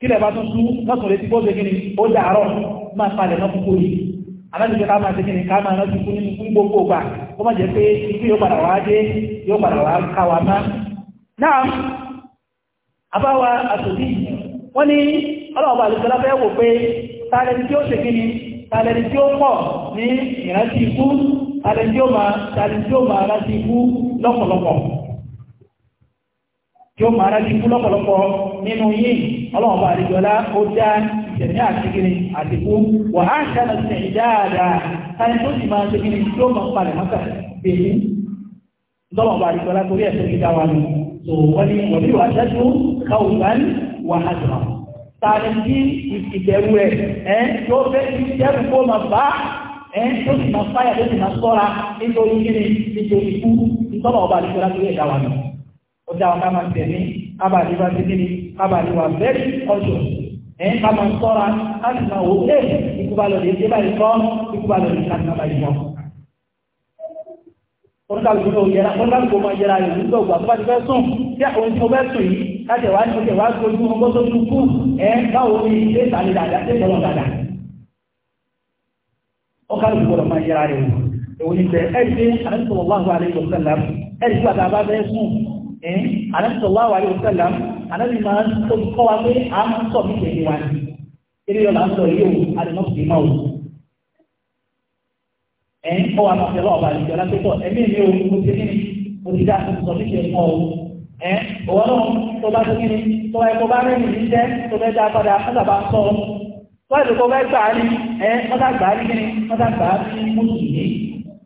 kílẹ̀ bá tún sún lọ́sùn rẹ̀ ti bó ṣe kíni ó dàárọ̀ máa palẹ̀ náà kúkú yìí alájọjọ ká máa ṣe kíni ká máa rántí fún nínú gbogbo gbà ó má jẹ́ pé ikú yóò padà wá dé yóò padà wá ká wa má. náà abáwa àtòdì wọ́n ní ọlọ́ọ̀bà àlùfáà fẹ́ wò pé tààlẹ̀ni tí ó ṣe gíní tààlẹ̀ni tí ó pọ̀ ní ìrántí ikú tààlẹ̀ni tí ó máa rántí ikú lọ́pọ̀lọpọ̀ tí ó máa rántí ikú lọ́pọ̀lọpọ̀ nínú yìí ọlọ́ọ̀bà àríjọlá ó dá ìṣẹ̀mí àti gíní àti ikú wà á ṣàlẹ̀ sí ìdáadáa tààlẹ̀ tó sì máa ṣe gíní tí ó tààrí bí ìbẹ̀rù rẹ̀ ẹ́ tó fẹ́ bí ìbẹ̀rù kó ma bá ẹ́ tó sì máa fáyà tó sì máa sọ́ra nítorí kíni nítorí ikú ìtọ́nà ọba àti ìṣẹ́lá tó yẹ ìdáwà nù ó dáwọn ká máa tẹ̀lé abàdí bá ti kíni abàdí wà bẹ́ẹ̀ ọjọ́ ẹ́ ká máa sọ́ra láti máa wò pé ikú bá lọ́dẹ̀ ṣe báyìí kọ́ ikú bá lọ́dẹ̀ láti máa báyìí mọ́. oníkàlùkù náà yẹra oníkàlùkù máa yẹra rẹ̀ nígbà ògbà tó bá ti fẹ́ sùn tí àwọn ohun tí mo fẹ́ sùn yìí láti ẹ̀wá ní oṣù wá sojú ọgbọ́n tó tún kú ẹ báwo ni ilé ìsàlẹ̀ dàda ṣe tọ́lọ̀ dàda ọkà ló gbọdọ̀ máa yẹra rẹ̀ wò èwo ni bẹ́ẹ̀ ẹ̀rí pé àdánsọ̀lọ́wọ́ àlejò sẹ́lá ẹ̀rí pé àtàbà bẹ́ẹ̀ sùn àdánsọ̀lọ́wọ́ àlejò sẹ́lá àdánsì máa ń tó kọ́ wa pé a máa ń sọ̀ mí tẹ̀lé wa ni eré yọ̀ là ń sọ yìí o àdánù máa wò ẹ̀ ń kọ́ wa máa fẹ́ lọ́ọ̀bà àlejò alápẹ́tọ̀ ẹ̀mí mi ò mo ti mo ti dá ẹ òwò náà tó bá tó kíni tó bá ẹkọ bá rẹ́yìn ní jẹ́ tó bẹ́ dá padà mọ́tàbá ń sọ tó ẹ̀dùn kó bẹ́ gbà á ní ẹ mọ́tà gbà á ní kíni mọ́tà gbà á ní mọ́tò yìí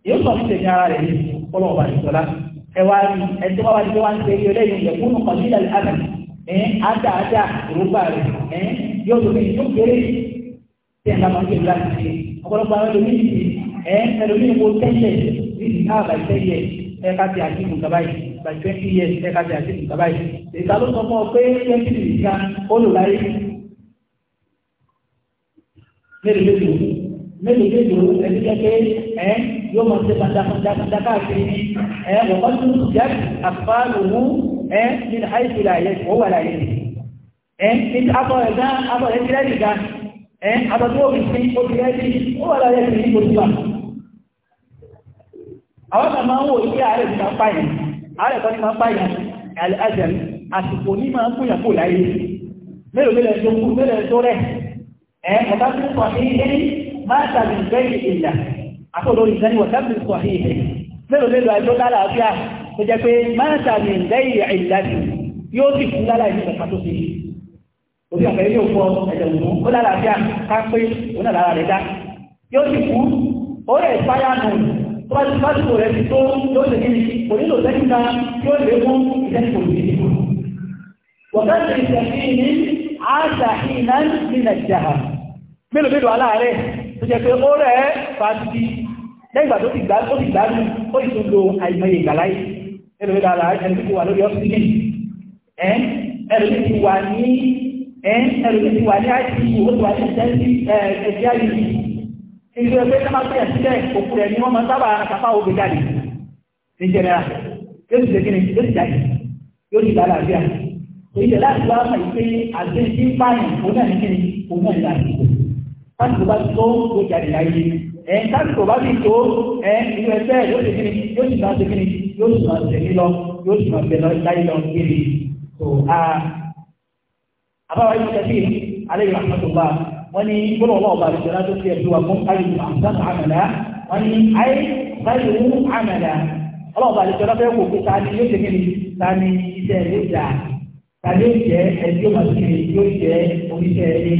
yóò sọ fún tèmi ara rẹ̀ ní kọ́lọ̀ ọ̀bà ìṣọ́lá ẹ wá rí ẹ tó bá wá ní tó wá ń ṣe eré lẹ́yìn ìyẹ̀kú nù kàn nílẹ̀ àgbà ẹ ada ada ìrúgbà rẹ̀ ẹ yóò tó kíni yóò kéré tí ẹ̀ lábàá ń gbé láti ṣe ọ̀pọ̀lọpọ̀ àwọn ẹlòmíì ti ẹ ẹlòmíì mo tẹ́lẹ̀ ní ìhà àbàìtẹ́yẹ ẹ ká ti àkíkù kaba yìí by twenty years ẹ̀ka ti àti ìgbàgbà yìí ìta ló sọ fún ọ pé twenty years ìta ó lò láyé mélòó mélòó mélòó mélòó ẹni kẹ́kẹ́ ẹ yóò máa ṣe pàtàkàtà káàkiri ní ẹ wọ́n tún jẹ́ àfáàlùmú ẹ ní àìsí láyé ó wà láyé ẹ ní abọ́ ẹ̀ gán abọ́ ẹ̀ ti rẹ́ẹ̀dì gán ẹ abọ́ tó fi sí ó ti rẹ́ẹ̀dì ó wà láyé ní ojú wa. àwọn kan máa ń wò ní àárẹ̀ ìta fáyìí ààrẹ kan ní máa bá yàn àjẹm àsìkò ní máa kú yàn kó láyé mélòó mélòó tó kú mélòó tó rẹ̀ ẹ̀ ọ̀tá tó kọ̀ ní ilé máa tàbí bẹ́ẹ̀ ìlà àtọ́lọ́ ìdánimọ̀ ọ̀tá tó kọ̀ ní ilé mélòó mélòó àjọ lálàáfíà tó jẹ́ pé máa tàbí bẹ́ẹ̀ ìlà yóò sì kú lálàá ìlú ọ̀pá tó ṣe òbí àfẹ́ yóò fọ ẹ̀jẹ̀ òun ó lálàáfíà ká pé òun náà lára rẹ̀ dá yóò sì kú ó rẹ̀ fáyà nù bájú bájú rẹ̀ ti tó yóò ṣe kí ni kò nílò tẹ́kíta tí ó lè mú ìtẹ́kùn ìdíkù. wọ̀gáṣe ìṣẹ̀fí ní àṣà ìná ní nàìjíríà mélòó mélòó aláàárẹ̀ tó jẹ́ pé ó rẹ̀ fàájì lẹ́gbà tó ti gbádùn ó ti tún lo ilé ẹgbẹ́ tó máa pẹ́ sílẹ̀ òkú rẹ̀ ni wọ́n máa sábà kápá ògbé jáde ní jẹnẹra yóò ti dẹ́gẹ́ni yóò ti jáde yóò ti dára àbíà ìjẹ láti wá mọ̀ pé àti ní báyìí òun náà ní kíni òun náà ní láti kó láti bá tó ó jáde láyé ẹ̀ láti kò bá fi tó ẹ̀ ilé ẹgbẹ́ yóò ti kíni yóò ti máa ti kíni yóò ti máa tẹ̀lé lọ yóò ti máa tẹ̀lé láyé lọ kiri tó wọ́n ní gbọ́dọ̀ ọlọ́wọ́ bá àbíṣe láti fi ẹ̀dùn wa fún ayélu àmúdáná àmàlà wọ́n ní ayé báyìí wú àmàlà ọlọ́wọ́ bá àbíṣe láti wò pé tani yóò ṣe kíni tani iṣẹ́ ilé ìjà tani yóò jẹ́ ẹni yóò máa ṣe yóò jẹ́ oníṣẹ́ ilé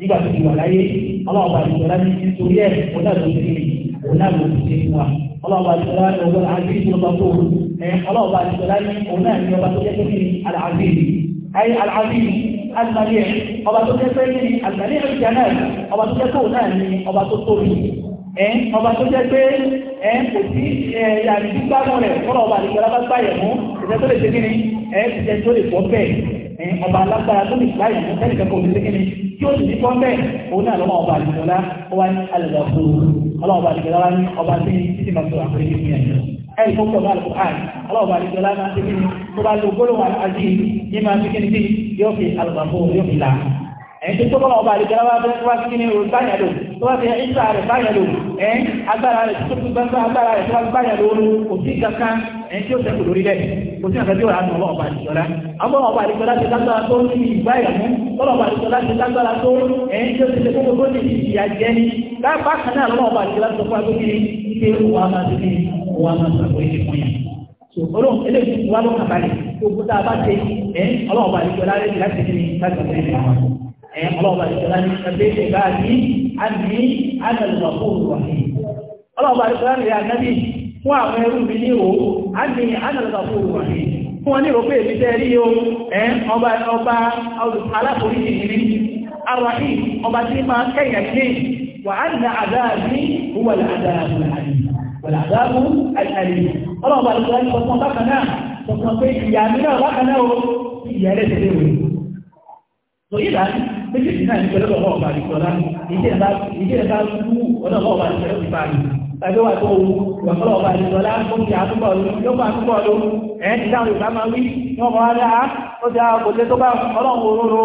nígbà tó ti wà láyé ọlọ́wọ́ bá àbíṣe láti nítorí ẹ̀ òun náà ló ṣe kíni òun náà ló ṣe wa ọlọ́wọ́ bá àbíṣe láti ọgbọ́n àbí ìṣòro ọlọ́wọ́ bá àbíṣe láti òun náà ní ọba tó jẹ́ àgbàlẹ̀ ọba tó jẹ́ pé ní àgbàlẹ̀ ìjà náà ọba tó jẹ́ pé òun náà ni ọba tó tóbi ẹ̀ ọba tó jẹ́ pé ẹ̀ kò sí ìyàrí gbígbàmọ́ rẹ̀ kọ́nà ọba àdìgbàlá bá gbàyẹ̀ mú ìjẹ́ tó lè ṣe kíni ẹ̀ ìjẹ́ tó lè fọ́ bẹ́ẹ̀ ẹ̀ ọba alágbára tó lè gbàyẹ̀ mú sẹ́nìkan kò lè ṣe kíni tí ó sì ní fọ́ bẹ́ẹ̀ òun náà lọ́wọ́ ọba àdìgbàlá ó wá ní alẹ́ ẹ̀rí tó pọ̀ lọ́wọ́ àlùkùránì ọlọ́ọ̀bà àdìjọ láti máa ń tẹ́kẹ́ ní tó bá lo gbólóhùn àti ní máa ń tẹ́kẹ́ ní bí yóò fi àlùbàbò yóò fi là ẹ̀yìn tó tọ́lọ́ ọba àdìjọ láti wá sí ní orí báyà lò tó bá fi ìsà rẹ̀ báyà lò ẹ̀ agbára rẹ̀ tó fi gbẹ́gbẹ́ agbára rẹ̀ tó bá báyà lò ó kò sí kankan ẹ̀yìn tí ó sẹ́kù lórí rẹ̀ kò sí àkàtí ọ̀rá nù ọlọ́ọ̀bà á máa ti wọ́n máa sàkóyè ti fún yẹn so olóhùn eléyìí ti wá lọ́kàn balẹ̀ tó kó tá a bá ṣe ẹ ọlọ́run balẹ̀ jọlá rẹ̀ láti ṣe ní ìtajà rẹ̀ ẹ ọlọ́run balẹ̀ jọlá ní ẹgbẹ́ ìgbà ní àmì àgbẹ̀lùmọ̀kú òwòrán ọlọ́run balẹ̀ jọlá rẹ̀ àgbẹ̀bí fún àwọn ẹrú mi ní o àmì àgbẹ̀lùmọ̀kú òwòrán fún wọn ní ìrọ̀pẹ́ èmi tẹ́ rí o ẹ ọba ọba aláforíjì ní ọ̀làdáàbù àìsàlẹ̀ ọlọ́run bá lọ́wọ́ ẹ̀kọ́ fún bákan náà tọkàn pé ìyá mi náà bákan náà o ìyá ẹlẹ́sẹ̀ lè wò tó yí là méjèèjì náà ní pẹ̀lú ọ̀rọ̀ ọ̀bà ìṣọ̀lá ìdí ẹ̀dá fún ọlọ́run ọ̀bà ìṣọ̀lá ti bá mi tàbí wà tó wù ìwàkọ́lọ̀ ọ̀bà ìṣọ̀lá ó ti àtúbọ̀ lọ́pọ̀ àtúbọ̀ ló ẹ̀ ti dáhùn ìgbà máa wí ní ọmọ wa dáa ó ti àwọn kò tẹ́ tó bá ọlọ́run òróró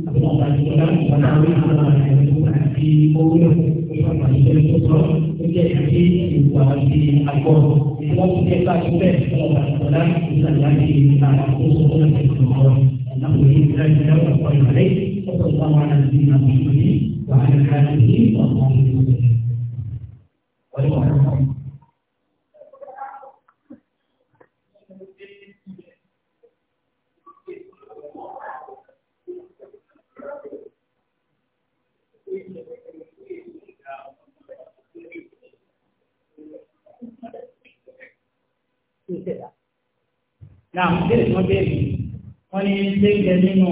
ọba ìjọba ìjọba orí àwọn àìsàn àti owó ìjọba ìjọba tó tọ́ ó jẹ́ ìdí ìwà àti àgbọ̀ ìjọba tó jẹ́ bá tó bẹ́ẹ̀ ọba ìjọba ìjọba àti àkóso tó ti tọ̀ ọ́ ìnáwó ìjọba ìjọba ọ̀pọ̀ ìrọ̀lẹ́ ọ̀pọ̀ ìjọba àti ìnáwó ìjọba wàhálà ìjọba ọ̀pọ̀ ìjọba. tó ṣẹ̀dá. Náà bẹ́ẹ̀ ni wọ́n bẹ̀rẹ̀ wọ́n ní ṣéńjẹ nínú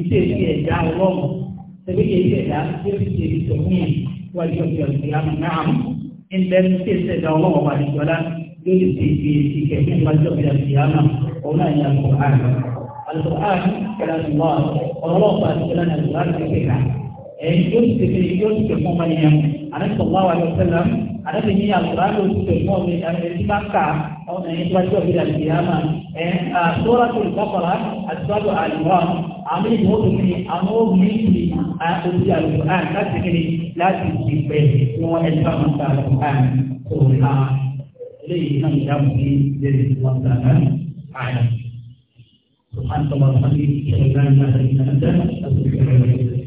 ìṣe ìṣe ẹ̀dá ọlọ́run ṣẹ̀bí kì í ṣe ẹ̀dá tí ó ti ṣe ìṣọ̀ fún yẹn wájú ọ̀sẹ̀ ọ̀sẹ̀ yàrá náà ń bẹ́ẹ̀ ní ṣe ìṣẹ̀dá ọlọ́run ọba ìjọba lórí ti fi ìkẹ̀kẹ́ wájú ọ̀sẹ̀ ọ̀sẹ̀ yàrá òun náà yà kó àná. Al-Qur'an kalamullah ọlọ́run ọba ìjọba náà ló wá ti kẹ̀kẹ́ ẹ̀ yóò ti ṣe yóò ti ṣe fún ọmọ àdébí ní àlùbá ló ti tẹ̀lé mọ́ mi àti ẹtí bá kà ọ̀nà ẹni tó bá jẹ́ òbí àti ìyáàmà ẹ̀ àtúrà tó ìkọ́kọ̀rá àti tó àlùbá àwọn ènìyàn ó fi àwọn òbí ti àtòbí àlùbá láti kiri láti ti pẹ̀ tí wọ́n ẹni bá máa ta àlùbá tó la eléyìí náà ìdáhùn sí ìdérí wọn dáadáa àyà. سبحانك اللهم وبحمدك اشهد ان لا اله الا انت استغفرك واتوب اليك